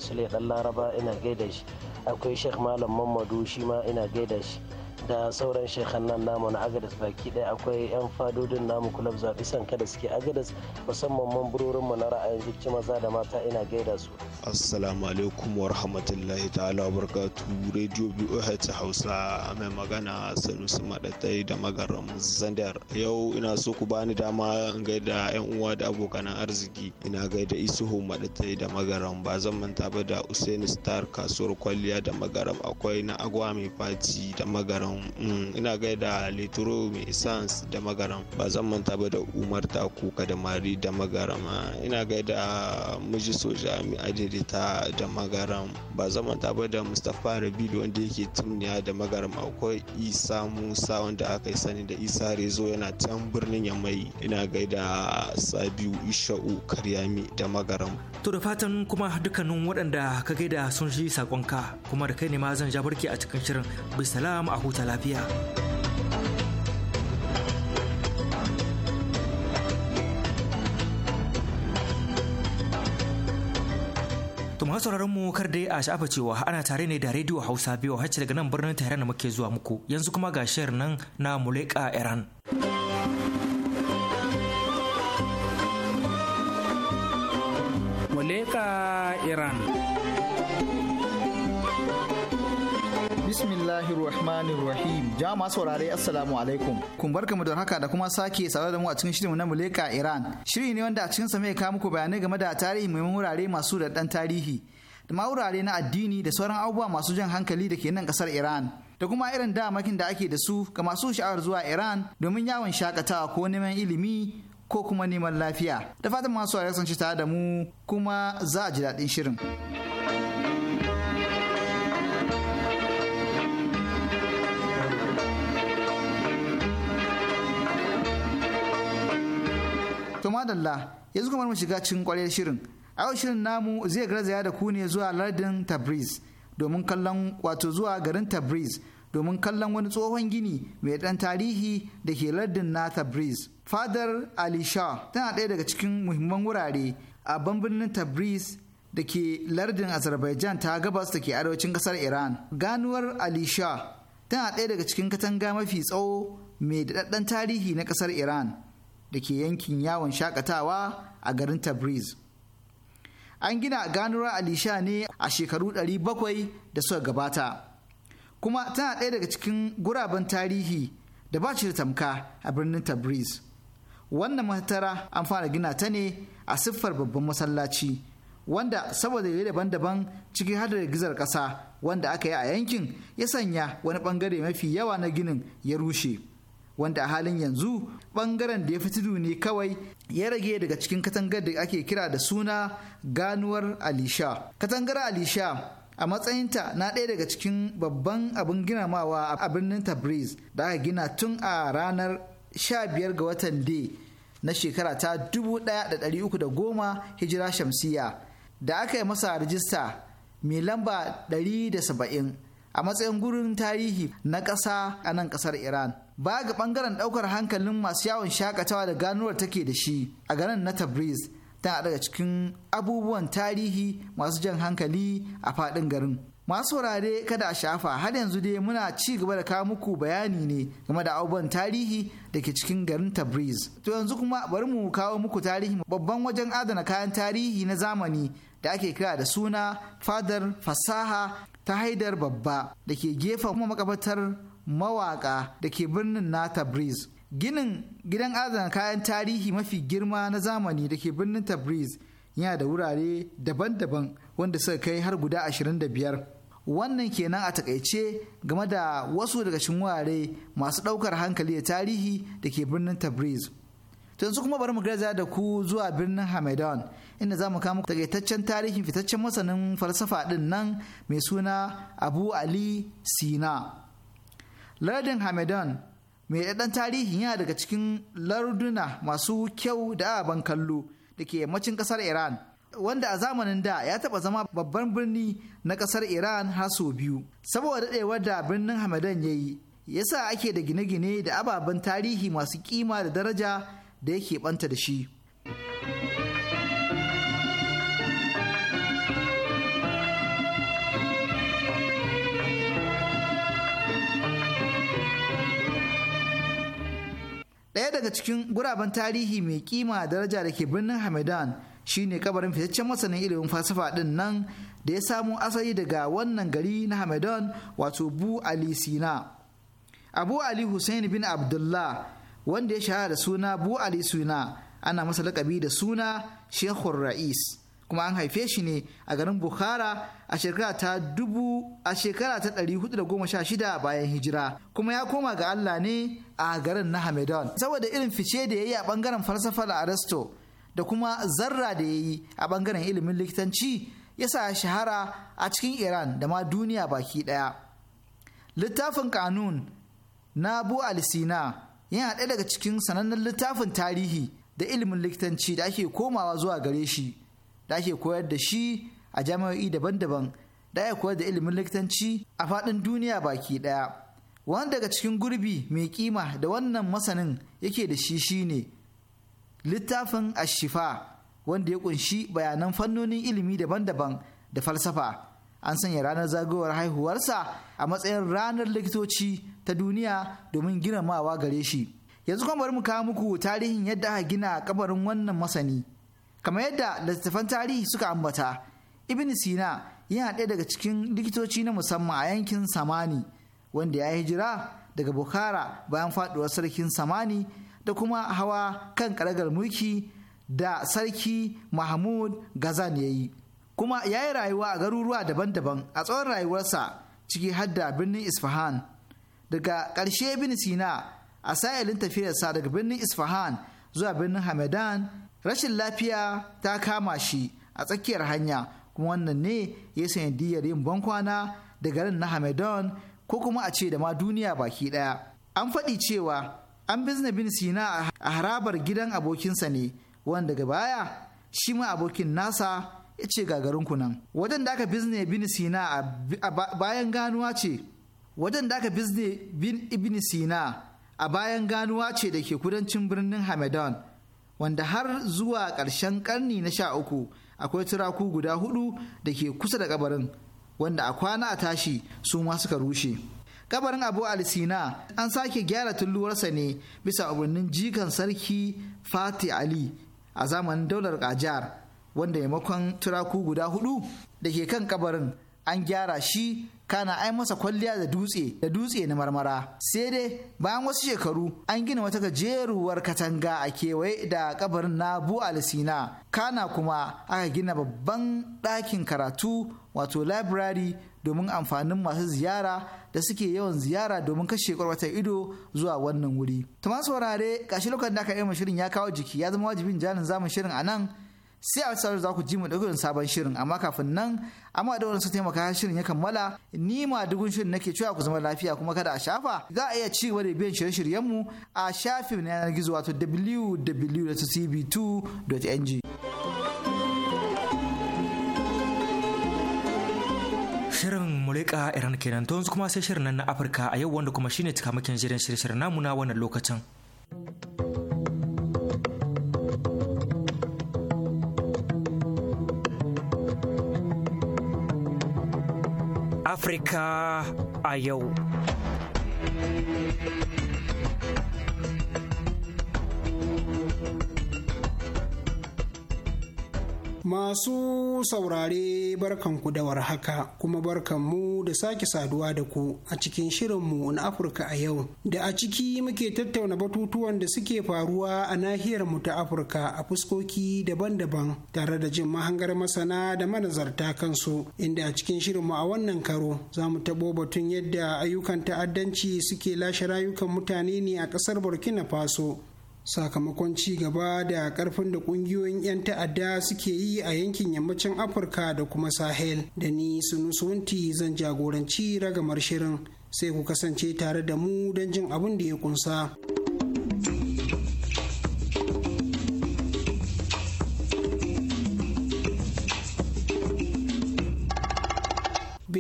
sule dan laraba ina gaida shi akwai sheikh malam mamadu shi ma ina gaida shi da sauran shekhan nan namu na agadas baki ɗaya akwai 'yan fadodin namu kulab zaɓi sanka da suke agadas musamman mu na ra'ayin zuci maza da mata ina gaida su assalamu alaikum wa rahmatullahi ta'ala wa barakatu radio boh hausa mai magana sanusi madadai da magaram zandar yau ina so ku bani dama in gaida 'yan uwa da abokan arziki ina gaida isuhu madadai da magaram ba zan manta ba da usaini star kasuwar kwalliya da magaram akwai na agwa mai faci da magaram magaran mm, ina gaida litiro mai sans da magaran ba zan manta ba da umar kuka da mari da magaran ah, ina gaida miji soja mai adirita da magaran ba zan manta ba da mustapha rabidu wanda yake tumniya da magaran akwai isa musa wanda aka yi sani da isa rezo yana can birnin yamai ina gaida sabiu isha'u karyami da magaran. to da fatan kuma dukkanin waɗanda ka gaida sun shi sakonka kuma da kai ne ma zan ja barki a cikin shirin bisalam a huta huta lafiya. sauraron mu kar dai a sha'afa cewa ana tare ne da Radio Hausa biyu hacci daga nan birnin Tehran na muke zuwa muku yanzu kuma ga shirin nan na Muleka Iran. Muleka Iran. Bismillahirrahmanirrahim. Jama'a saurare Assalamu alaikum. Kun barka mu da haka da kuma sake saurare da mu a cikin shirin na Muleka Iran. Shiri ne wanda a cikin sa mai kawo muku bayanai game da tarihi mai wurare masu da dan tarihi. Da ma wurare na addini da sauran abubuwa masu jan hankali da ke nan kasar Iran. Da kuma irin damakin da ake da su ga masu sha'awar zuwa Iran domin yawon shakatawa ko neman ilimi ko kuma neman lafiya. Da fatan masu saurare sun ci tare da mu kuma za a ji daɗin shirin. To madalla yanzu kuma mu shiga cikin kwarar shirin. A yau shirin namu zai garzaya da ku ne zuwa lardin Tabriz domin kallon wato zuwa garin Tabriz domin kallon wani tsohon gini mai dan tarihi da ke lardin na Tabriz. Fadar Ali Shah tana ɗaya daga cikin muhimman wurare a birnin Tabriz da ke lardin Azerbaijan ta gabas da ke arewacin ƙasar Iran. Ganuwar Ali Shah tana ɗaya daga cikin katanga mafi tsawo mai daɗaɗɗen tarihi na ƙasar Iran. da ke yankin yawon shakatawa a garin tabriz an gina ganuwar alisha ne a shekaru 700 da suka gabata kuma tana ɗaya daga cikin guraben tarihi da ba da tamka a birnin tabriz wannan matara an fara gina ta ne a siffar babban masallaci wanda saboda yi daban-daban ciki har gizar ƙasa wanda aka yi a yankin ya sanya wani ɓangare mafi yawa na ginin ya rushe. wanda a halin yanzu bangaren da ya fi tudu ne kawai ya rage daga cikin katangar da ake kira da suna ganuwar alisha katangar alisha a matsayinta na ɗaya daga cikin babban abin mawa a birnin tabriz da aka gina tun a ranar 15 ga watan de na shekara ta 1310 hijira shamsiya da aka yi masa rajista mai lamba 170 a matsayin gurin tarihi na ƙasa a nan ƙasar Iran. Baya ga ɓangaren ɗaukar hankalin masu yawon shakatawa da ganuwar take da shi a garin na Tabriz tana daga cikin abubuwan tarihi masu jan hankali a faɗin garin. Masu wurare kada a shafa har yanzu dai muna ci gaba da kawo muku bayani ne game da abubuwan tarihi da ke cikin garin Tabriz. To yanzu kuma bari mu kawo muku tarihi babban wajen adana kayan tarihi na zamani da ake kira da suna fadar fasaha ta haidar babba da ke gefen kuma makabatar mawaka da ke birnin na tabriz ginin gidan adana kayan tarihi mafi girma na zamani da ke birnin tabriz yana da wurare daban-daban wanda suka kai har guda 25 wannan kenan a takaice game da wasu daga cikin wurare masu ɗaukar hankali da tarihi da ke birnin tabriz yanzu kuma bari mu gaza da ku zuwa birnin hamadan inda za mu kawo takaitaccen tarihin fitaccen masanin falsafa din nan mai suna Abu Ali Sina. Lardin Hamadan mai ɗaɗɗan tarihi yana daga cikin larduna masu kyau da ababen kallo da ke yammacin ƙasar Iran. Wanda a zamanin da ya taɓa zama babban birni na ƙasar Iran har sau biyu. Saboda daɗewar da birnin Hamadan ya yi, yasa ake da gine-gine da ababen tarihi masu kima da daraja da yake ɓanta da shi. ɗaya daga cikin guraben tarihi mai kima daraja da ke birnin hamadan shine kabarin fitaccen masanin ilimin falsafa ɗin nan da ya samo asali daga wannan gari na hamadan wato bu ali sina abu ali hussein bin abdullah wanda ya shahara da suna bu ali suna ana masa lakabi da suna shekhun ra'is kuma an haife shi ne a garin bukhara a shekara ta dubu a shekara ta ɗari hudu da goma sha shida bayan hijira kuma ya koma ga allah ne a garin na hamedan saboda irin fice da ya yi a ɓangaren falsafar aristo da kuma zarra da ya yi a bangaren ilimin likitanci ya sa shahara a cikin iran da ma duniya baki ɗaya littafin kanun na bu al yana ɗaya daga cikin sanannen littafin tarihi da ilimin likitanci da ake komawa zuwa gare shi da ake koyar da shi a jami'o'i daban-daban da ake koyar da ilimin likitanci a faɗin duniya baki ɗaya wani daga cikin gurbi mai kima da wannan masanin yake da shi shine littafin ashifa wanda ya kunshi bayanan fannonin ilimi daban-daban da falsafa an sanya ranar zagayowar haihuwarsa a matsayin ranar likitoci ta duniya domin girmamawa gare shi yanzu kuma bari mu kawo muku tarihin yadda aka gina kabarin wannan masani kamar yadda littattafan tarihi suka ambata ibn sina yana ɗaya daga cikin likitoci na musamman a yankin samani wanda ya yi hijira daga bukhara bayan faɗuwar sarkin samani da kuma hawa kan karagar mulki da sarki mahmud gazan ya yi kuma ya yi rayuwa a garuruwa daban-daban a tsawon rayuwarsa ciki hadda birnin isfahan daga ƙarshe bin sina a sa'ilin tafiyarsa daga birnin isfahan zuwa birnin hamadan rashin lafiya ta kama shi a tsakiyar hanya kuma wannan ne ya sanya diyar yin bankwana da garin na hamadon ko kuma a ce da ma duniya baki ɗaya. An faɗi cewa an bizne bin Sina a harabar gidan abokinsa ne wanda ga baya shi ma abokin nasa ya ce gagarin kunan. Waɗanda aka bizne bin Sina a bayan ganuwa ce aka bizne bin Sina a bayan ganuwa ce da ke kudancin birnin hamadon wanda har zuwa ƙarshen ƙarni na sha uku akwai turaku guda hudu da ke kusa da kabarin wanda a kwana a tashi su ma suka rushe kabarin abu al-sina an sake gyara tulluwarsa ne bisa umarnin jikan sarki fati ali a zamanin daular kajar wanda maimakon turaku guda hudu da ke kan kabarin an gyara shi kana ai masa kwalliya da dutse da dutse na marmara sai dai bayan wasu shekaru an gina wata gajeruwar katanga a kewaye da kabarin na bu alisina kana kuma aka gina babban ɗakin karatu wato library domin amfanin masu ziyara da suke yawan ziyara domin kashe kwarwatar ido zuwa wannan wuri. Tumasu warare ƙashi lokacin da aka yi shirin ya kawo jiki ya zama wajibin jalin zamun shirin a nan sai a wasu za ku ji mu ɗauki sabon shirin amma kafin nan amma da wani su taimaka shirin ya kammala ni ma dugun shirin nake cewa ku zama lafiya kuma kada a shafa za a iya ci gaba da biyan shirye-shiryen mu a shafin yanar gizo wato www.cb2.ng Shirin Mulika Iran kenan to kuma sai shirin nan na Afirka a yau wanda kuma shine cikamakin jiran shirye-shiryen namu na wannan lokacin. Afrika a yau. Masu saurare barkanku da warhaka kuma barkanmu da sake saduwa da ku a cikin shirinmu na Afirka a yau da a ciki muke tattauna batutuwan da suke faruwa a nahiyar mu ta Afirka a fuskoki daban-daban tare da jin mahangar masana da manazarta kansu inda a cikin shirinmu a wannan karo za mu tabo batun yadda ayyukan ta'addanci suke lashe rayukan mutane ne a ƙasar Burkina Faso sakamakon ci gaba da karfin da kungiyoyin 'yan ta'adda suke yi a yankin yammacin afirka da kuma sahel da ni sunusunti zan jagoranci ragamar shirin sai ku kasance tare da mu don jin abin da ya kunsa.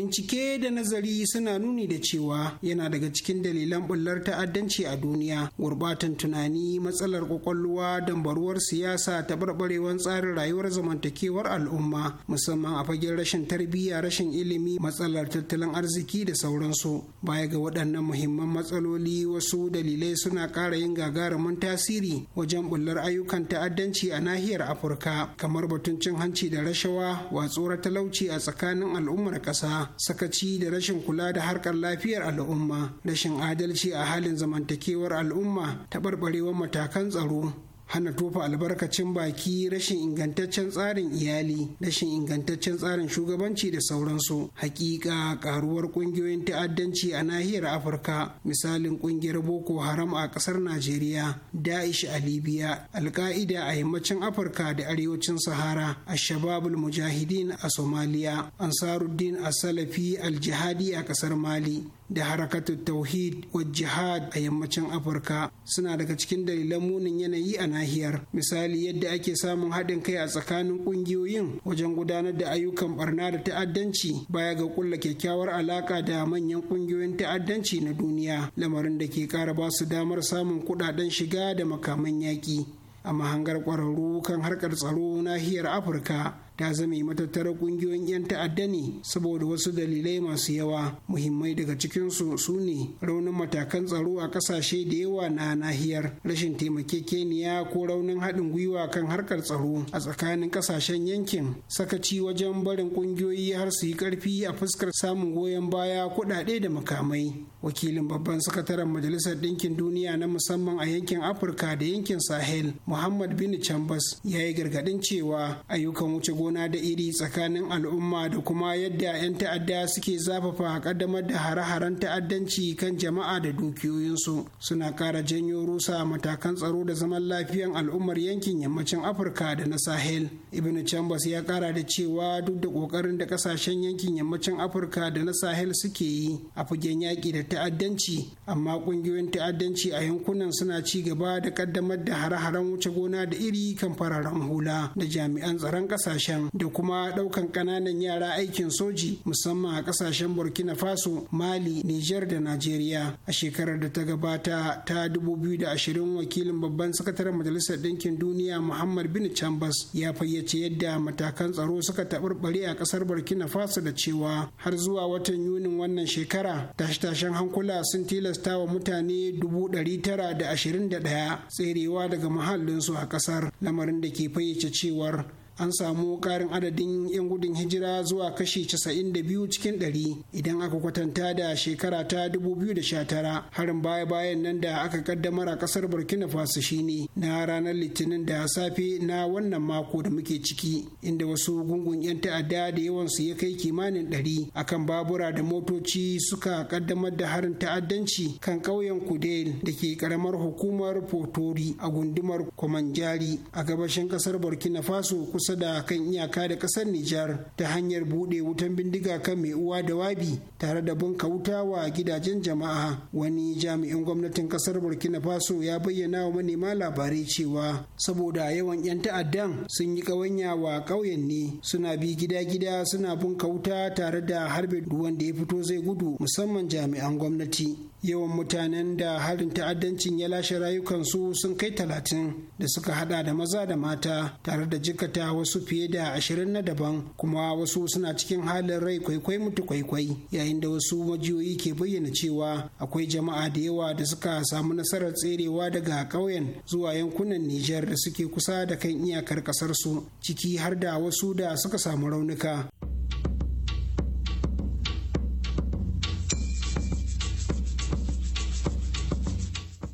Bincike da nazari suna nuni da cewa yana daga cikin dalilan bullar ta'addanci a duniya, gurbatan tunani, matsalar kwakwalwa, dambaruwar siyasa, ta taɓarɓarewar tsarin rayuwar zamantakewar al'umma, musamman a fagen rashin tarbiyya, rashin ilimi, matsalar tattalin arziki da sauransu. Baya ga waɗannan muhimman matsaloli wasu dalilai suna ƙara yin gagarumin tasiri wajen bullar ayyukan ta'addanci a nahiyar Afirka, kamar batun cin hanci da rashawa, watsuwar talauci a tsakanin al'ummar ƙasa sakaci da rashin kula da harkar lafiyar al'umma rashin adalci a halin zamantakewar al'umma taɓarɓarewar matakan tsaro hana tofa albarkacin baki rashin ingantaccen tsarin iyali rashin ingantaccen tsarin shugabanci da sauransu hakika karuwar kungiyoyin ta'addanci a nahiyar afirka misalin kungiyar boko haram a kasar najeriya da'ish a libya alka'ida a yammacin afirka da arewacin sahara ashababul mujahidin a somaliya ansaruddin a salafi aljihadi a kasar mali da harakatu tauhid wa jihad a yammacin afirka suna daga cikin dalilan munin yanayi a nahiyar misali yadda ake samun haɗin kai a tsakanin ƙungiyoyin wajen gudanar da ayyukan barna da ta'addanci baya ga ƙulla kyakkyawar alaƙa da manyan ƙungiyoyin ta'addanci na duniya lamarin da ke ƙara ba su damar samun kuɗaɗen shiga da makaman yaƙi a mahangar ƙwararru kan harkar tsaro nahiyar afirka ta zame matattarar kungiyoyin 'yan ta'adda ne saboda wasu dalilai masu yawa muhimmai daga cikinsu su ne raunin matakan tsaro a kasashe da yawa na nahiyar rashin taimakekeniya ko raunin haɗin gwiwa kan harkar tsaro a tsakanin kasashen yankin sakaci wajen barin kungiyoyi har su yi karfi a fuskar samun goyon baya kuɗaɗe da makamai wakilin babban sakataren majalisar ɗinkin duniya na musamman a yankin afirka da yankin sahel muhammad bin chambers ya yi gargaɗin cewa ayyukan wuce gona da iri tsakanin al'umma da kuma yadda 'yan ta'adda suke zafafa a kaddamar da hare-haren ta'addanci kan jama'a da dukiyoyinsu suna kara janyo rusa matakan tsaro da zaman lafiyan al'ummar yankin yammacin afirka da na sahel ibn chambers ya kara da cewa duk da kokarin da kasashen yankin yammacin afirka da na sahel suke yi a fagen yaki da ta'addanci amma ƙungiyoyin ta'addanci a yankunan suna ci gaba da kaddamar da hare-haren wuce gona da iri kan fararen hula da jami'an tsaron kasashen. sojan da kuma ɗaukan ƙananan yara aikin soji musamman a ƙasashen burkina faso mali niger da najeriya a shekarar da ta gabata ta 2020 wakilin babban sakataren majalisar ɗinkin duniya muhammad bin chambers ya fayyace yadda matakan tsaro suka taɓarɓare a ƙasar burkina faso da cewa har zuwa watan yunin wannan shekara tashe-tashen hankula sun tilasta wa mutane 921 tserewa daga muhallinsu a ƙasar lamarin da ke fayyace cewar an samu karin adadin 'yan gudun hijira zuwa kashi 92 cikin 100 idan aka kwatanta da shekara ta 2019 harin baya-bayan nan da aka kaddamar a kasar burkina faso shine na ranar litinin da safe na wannan mako da muke ciki inda wasu gungun 'yan ta'adda da yawansu ya kai kimanin 100 akan babura da motoci suka kaddamar da harin ta'addanci kan ƙauyen kudel da ke karamar hukumar potori a gundumar kwamanjari a gabashin kasar burkina faso kusa da kan iyaka da kasar Nijar ta hanyar buɗe wutan bindiga kan mai uwa da wabi tare da bunka wuta wa gidajen jama'a wani jami'in gwamnatin kasar Burkina Faso ya bayyana wa manema labarai cewa saboda yawan 'yan ta'addan sun yi ƙawanya wa ƙauyen ne suna bi gida-gida suna bunka wuta tare da harbe wanda ya fito zai gudu musamman jami'an gwamnati yawan mutanen da harin ta'addancin ya lashe rayukansu sun kai talatin da suka hada da maza da mata tare da jikata wasu fiye da ashirin na daban kuma wasu suna cikin halin rai kwaikwai mutu kwaikwai yayin da wasu majiyoyi ke bayyana cewa akwai jama'a da yawa da suka samu nasarar tserewa daga ƙauyen zuwa yankunan nijar da suke kusa da kan iyakar ƙasarsu ciki har da wasu da suka samu raunuka.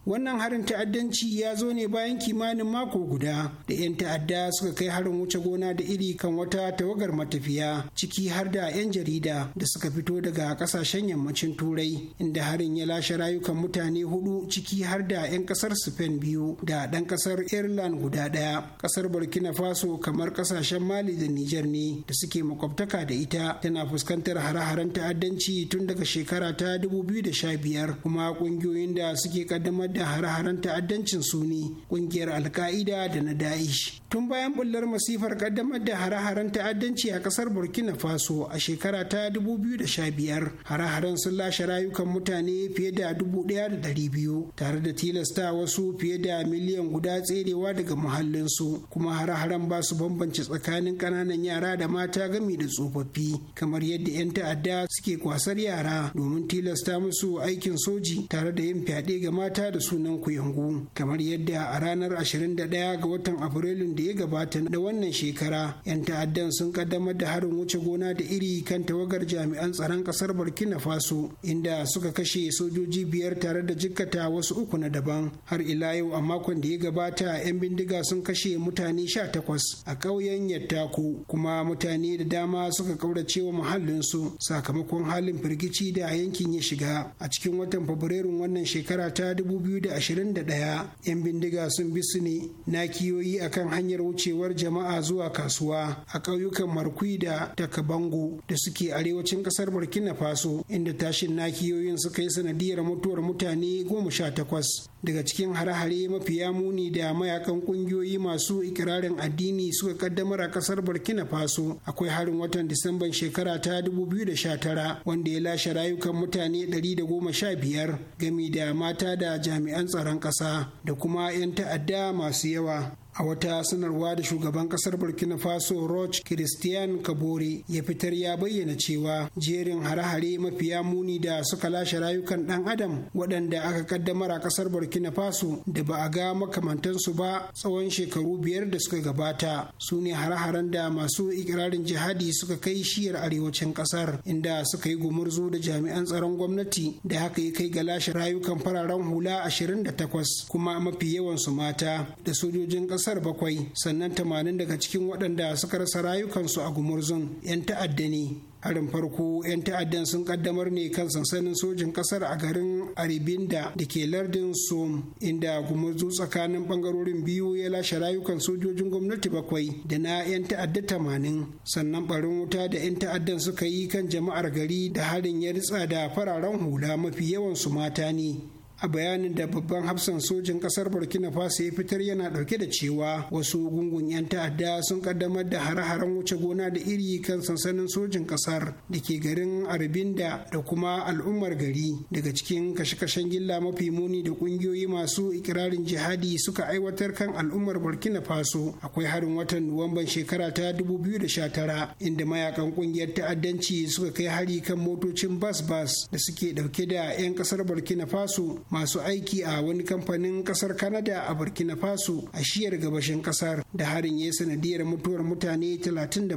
wannan harin ta'addanci ya zo ne bayan kimanin mako guda da 'yan ta'adda suka kai harin wuce gona da iri kan wata tawagar matafiya ciki har da 'yan jarida da suka fito daga kasashen yammacin turai inda harin ya lashe rayukan mutane hudu ciki har da 'yan kasar spain biyu da ɗan kasar ireland guda ɗaya kasar burkina faso kamar kasashen mali da niger ne da suke makwabtaka da ita tana fuskantar hare-haren ta'addanci tun daga shekara ta 2015 kuma ƙungiyoyin da suke kaddamar da hare-haren ta'addancin su ne kungiyar alka'ida da na da'ish tun bayan bullar masifar kaddamar da hare-haren ta'addanci a kasar burkina faso a shekara ta 2015 hare-haren sun lashe rayukan mutane fiye da 1,200 tare da tilasta wasu fiye da miliyan guda tserewa daga muhallinsu kuma hare-haren ba su bambance tsakanin ƙananan yara da mata gami da tsofaffi kamar yadda 'yan ta'adda suke kwasar yara domin tilasta musu aikin soji tare da yin fyaɗe ga mata da sunan kuyangu kamar yadda a ranar 21 ga watan afrilun da da ya gabata na wannan shekara 'yan ta'addan sun kaddamar da harin wuce gona da iri kan tawagar jami'an tsaron kasar burkina faso inda suka kashe sojoji biyar tare da jikkata wasu uku na daban har ila yau a makon da ya gabata 'yan bindiga sun kashe mutane sha takwas a ƙauyen yattaku kuma mutane da dama suka kaurace wa muhallin su sakamakon halin firgici da yankin ya shiga a cikin watan fabrairun wannan shekara ta dubu biyu da da 2021 'yan bindiga sun bi su ne na kiyoyi akan hanyar hanyar wucewar jama'a zuwa kasuwa a ƙauyukan markui da takabango da suke arewacin ƙasar burkina faso inda tashin nakiyoyin suka yi sanadiyar mutuwar mutane goma sha takwas daga cikin hare-hare mafiya muni da mayakan ƙungiyoyi masu ikirarin addini suka kaddamar a ƙasar burkina faso akwai harin watan disamban shekara ta 2019 wanda ya lashe rayukan mutane 115 gami da mata da jami'an tsaron ƙasa da kuma 'yan ta'adda masu yawa a wata sanarwa da shugaban kasar burkina faso roch christian kabore ya fitar ya bayyana cewa jerin hare-hare mafiya muni da suka lashe rayukan dan adam waɗanda aka kaddamar a kasar burkina faso da ba a ga makamantansu ba tsawon shekaru biyar da suka gabata su ne hare-haren da masu ikirarin jihadi suka kai shiyar arewacin kasar inda suka yi gumurzu da jami'an tsaron gwamnati da haka ya kai ga lashe rayukan fararen hula 28 kuma mafi yawan su mata da sojojin kasar bakwai sannan tamanin daga cikin waɗanda suka rasa rayukansu a gumurzun 'yan ta'adda ne harin farko 'yan ta'addan sun kaddamar ne kan sansanin sojin kasar a garin aribinda da ke lardin som inda gumurzu tsakanin bangarorin biyu ya lashe rayukan sojojin gwamnati bakwai da na 'yan ta'adda tamanin sannan barin wuta da 'yan ta'addan suka yi kan jama'ar gari da harin ya ritsa da fararen hula mafi yawan su mata ne a bayanin da babban hafsan sojin kasar burkina faso ya fitar yana dauke da cewa wasu gungun 'yan ta'adda sun kaddamar da hare-haren wuce gona da iri kan sansanin sojin kasar da ke garin arbinda da kuma al'ummar gari daga cikin kashe-kashen gilla mafi muni da kungiyoyi masu ikirarin jihadi suka aiwatar kan al'ummar burkina faso akwai harin watan nuwamban shekara ta 2019 inda mayakan kungiyar ta'addanci suka kai hari kan motocin bas-bas da suke dauke da 'yan kasar burkina faso masu aiki a wani kamfanin kasar kanada a Burkina Faso a shiyar gabashin kasar da harin ya sanadiyar mutuwar mutane 37.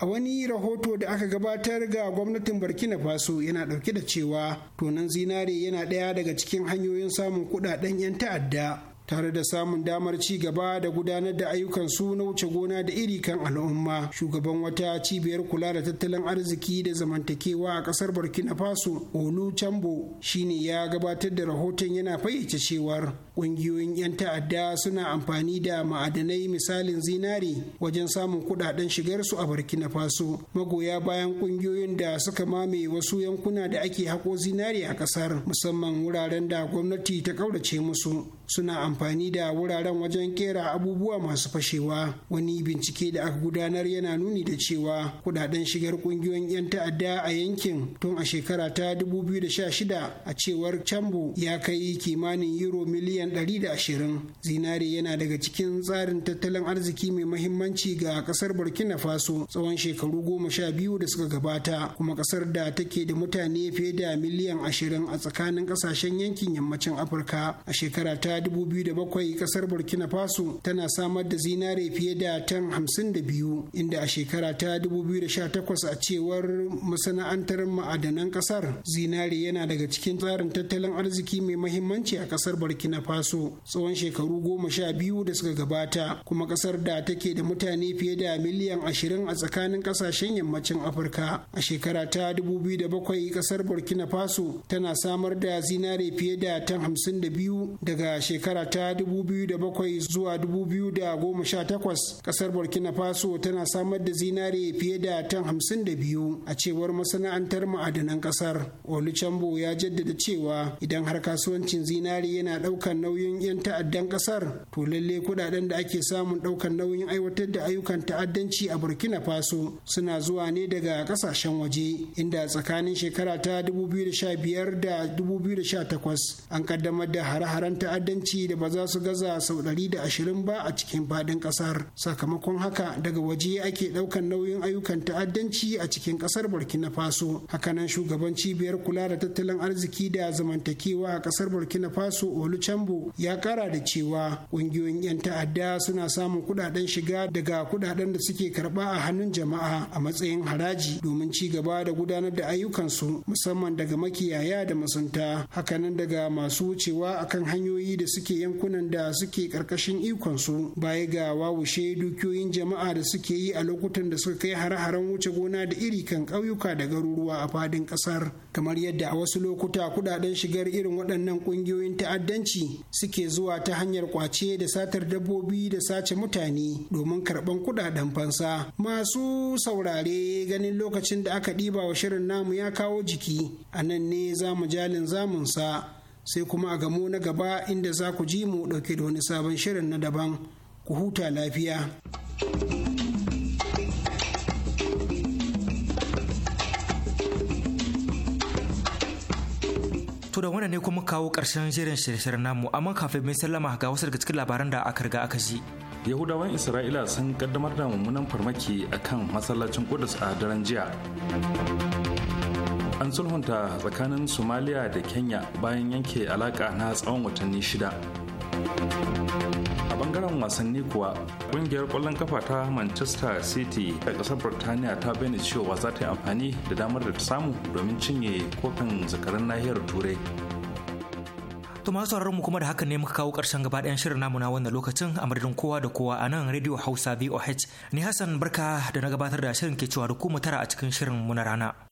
a wani rahoto da aka gabatar ga gwamnatin burkina faso yana dauke da cewa tonon zinare yana ɗaya daga cikin hanyoyin samun kudaden 'yan ta'adda tare da samun damar ci gaba da gudanar da ayyukan su na wuce gona da iri kan al'umma shugaban wata cibiyar kula da tattalin arziki da zamantakewa a kasar burkina faso olu chambo shine ya gabatar da rahoton yana fayyace cewar ƙungiyoyin 'yan ta'adda suna amfani da ma'adanai misalin zinari wajen samun kuɗaɗen shigarsu a burkina faso magoya bayan ƙungiyoyin da suka mame wasu yankuna da ake haƙo zinari a ƙasar musamman wuraren da gwamnati ta ƙaurace musu suna amfani da wuraren wajen kera abubuwa masu fashewa wani bincike da aka gudanar yana nuni da cewa Kudaden shigar ƙungiyoyin 'yan ta'adda a yankin tun a shekara ta 2016 a cewar cambo ya kai kimanin euro miliyan miliyan 120 zinare yana daga cikin tsarin tattalin arziki mai mahimmanci ga kasar burkina faso tsawon shekaru goma sha biyu da suka gabata kuma kasar da take da mutane fiye da miliyan 20 a tsakanin kasashen yankin yammacin afirka a shekara ta 2007 kasar burkina faso tana samar da zinare fiye da tan 52 inda a shekara ta 2018 a cewar masana'antar ma'adanan kasar zinare yana daga cikin tsarin tattalin arziki mai mahimmanci a kasar burkina faso faso tsawon shekaru goma sha biyu da suka gabata kuma kasar da take da mutane fiye da miliyan ashirin a tsakanin kasashen yammacin afirka a shekara ta dubu biyu da bakwai kasar burkina faso tana samar da zinare fiye da tan hamsin da biyu daga shekara ta dubu biyu da bakwai zuwa dubu biyu da goma sha takwas kasar burkina faso tana samar da zinare fiye da tan hamsin da biyu a cewar masana'antar ma'adanan kasar Olucambo ya jaddada cewa idan har kasuwancin zinare yana ɗaukan nauyin 'yan ta'addan kasar to lalle kudaden da ake samun ɗaukar nauyin aiwatar da ayyukan ta'addanci a burkina faso suna zuwa ne daga kasashen waje inda tsakanin shekara ta 2015 da 2018 an kaddamar da hare-haren ta'addanci da ba za su gaza sau 120 ba a cikin fadin kasar sakamakon haka daga waje ake ɗaukar nauyin ayyukan ta'addanci a cikin kasar burkina faso hakanan shugaban cibiyar kula da tattalin arziki da zamantakewa a kasar burkina faso oluchambo ya kara da cewa ƙungiyoyin 'yan ta'adda suna samun kudaden shiga daga kudaden da suke karba a hannun jama'a a matsayin haraji domin ci gaba da gudanar da ayyukansu musamman daga makiyaya da masunta hakanan daga masu wucewa akan hanyoyi da suke yankunan da suke ƙarƙashin ikonsu baya ga wawushe dukiyoyin jama'a da suke yi a lokutan da suka kai hare-haren wuce gona da iri kan ƙauyuka da garuruwa a fadin ƙasar kamar yadda a wasu lokuta kudaden shigar irin waɗannan ƙungiyoyin ta'addanci suke zuwa ta hanyar kwace da satar dabbobi da sace mutane domin karban kudaden fansa masu saurare ganin lokacin da aka ɗiba wa shirin namu ya kawo jiki a nan ne za mu jalin zamunsa sai kuma a gamo na gaba inda za ku ji mu ɗauke da wani sabon shirin na daban ku huta lafiya. To da wannan ne kuma kawo ƙarshen jerin shirye namu amma kafin mai sallama ga wasu daga cikin labaran da aka riga aka ji. Yahudawan Isra'ila sun kaddamar da mummunan farmaki akan masallacin Kudus a daren jiya. An sulhunta tsakanin Somalia da Kenya bayan yanke alaka na tsawon watanni shida. wasanni kuwa kungiyar kwallon kafa ta manchester city a kasar birtaniya ta bayyana cewa za ta yi amfani da damar da ta samu domin cinye kofin zakarin nahiyar turai To masu mu kuma da haka ne muka kawo karshen gaba ɗayan shirin namu na wannan lokacin a madadin kowa da kowa a nan Radio Hausa VOH. Ni Hassan Barka da na gabatar da shirin ke cewa da ku mu tara a cikin shirin mu na rana.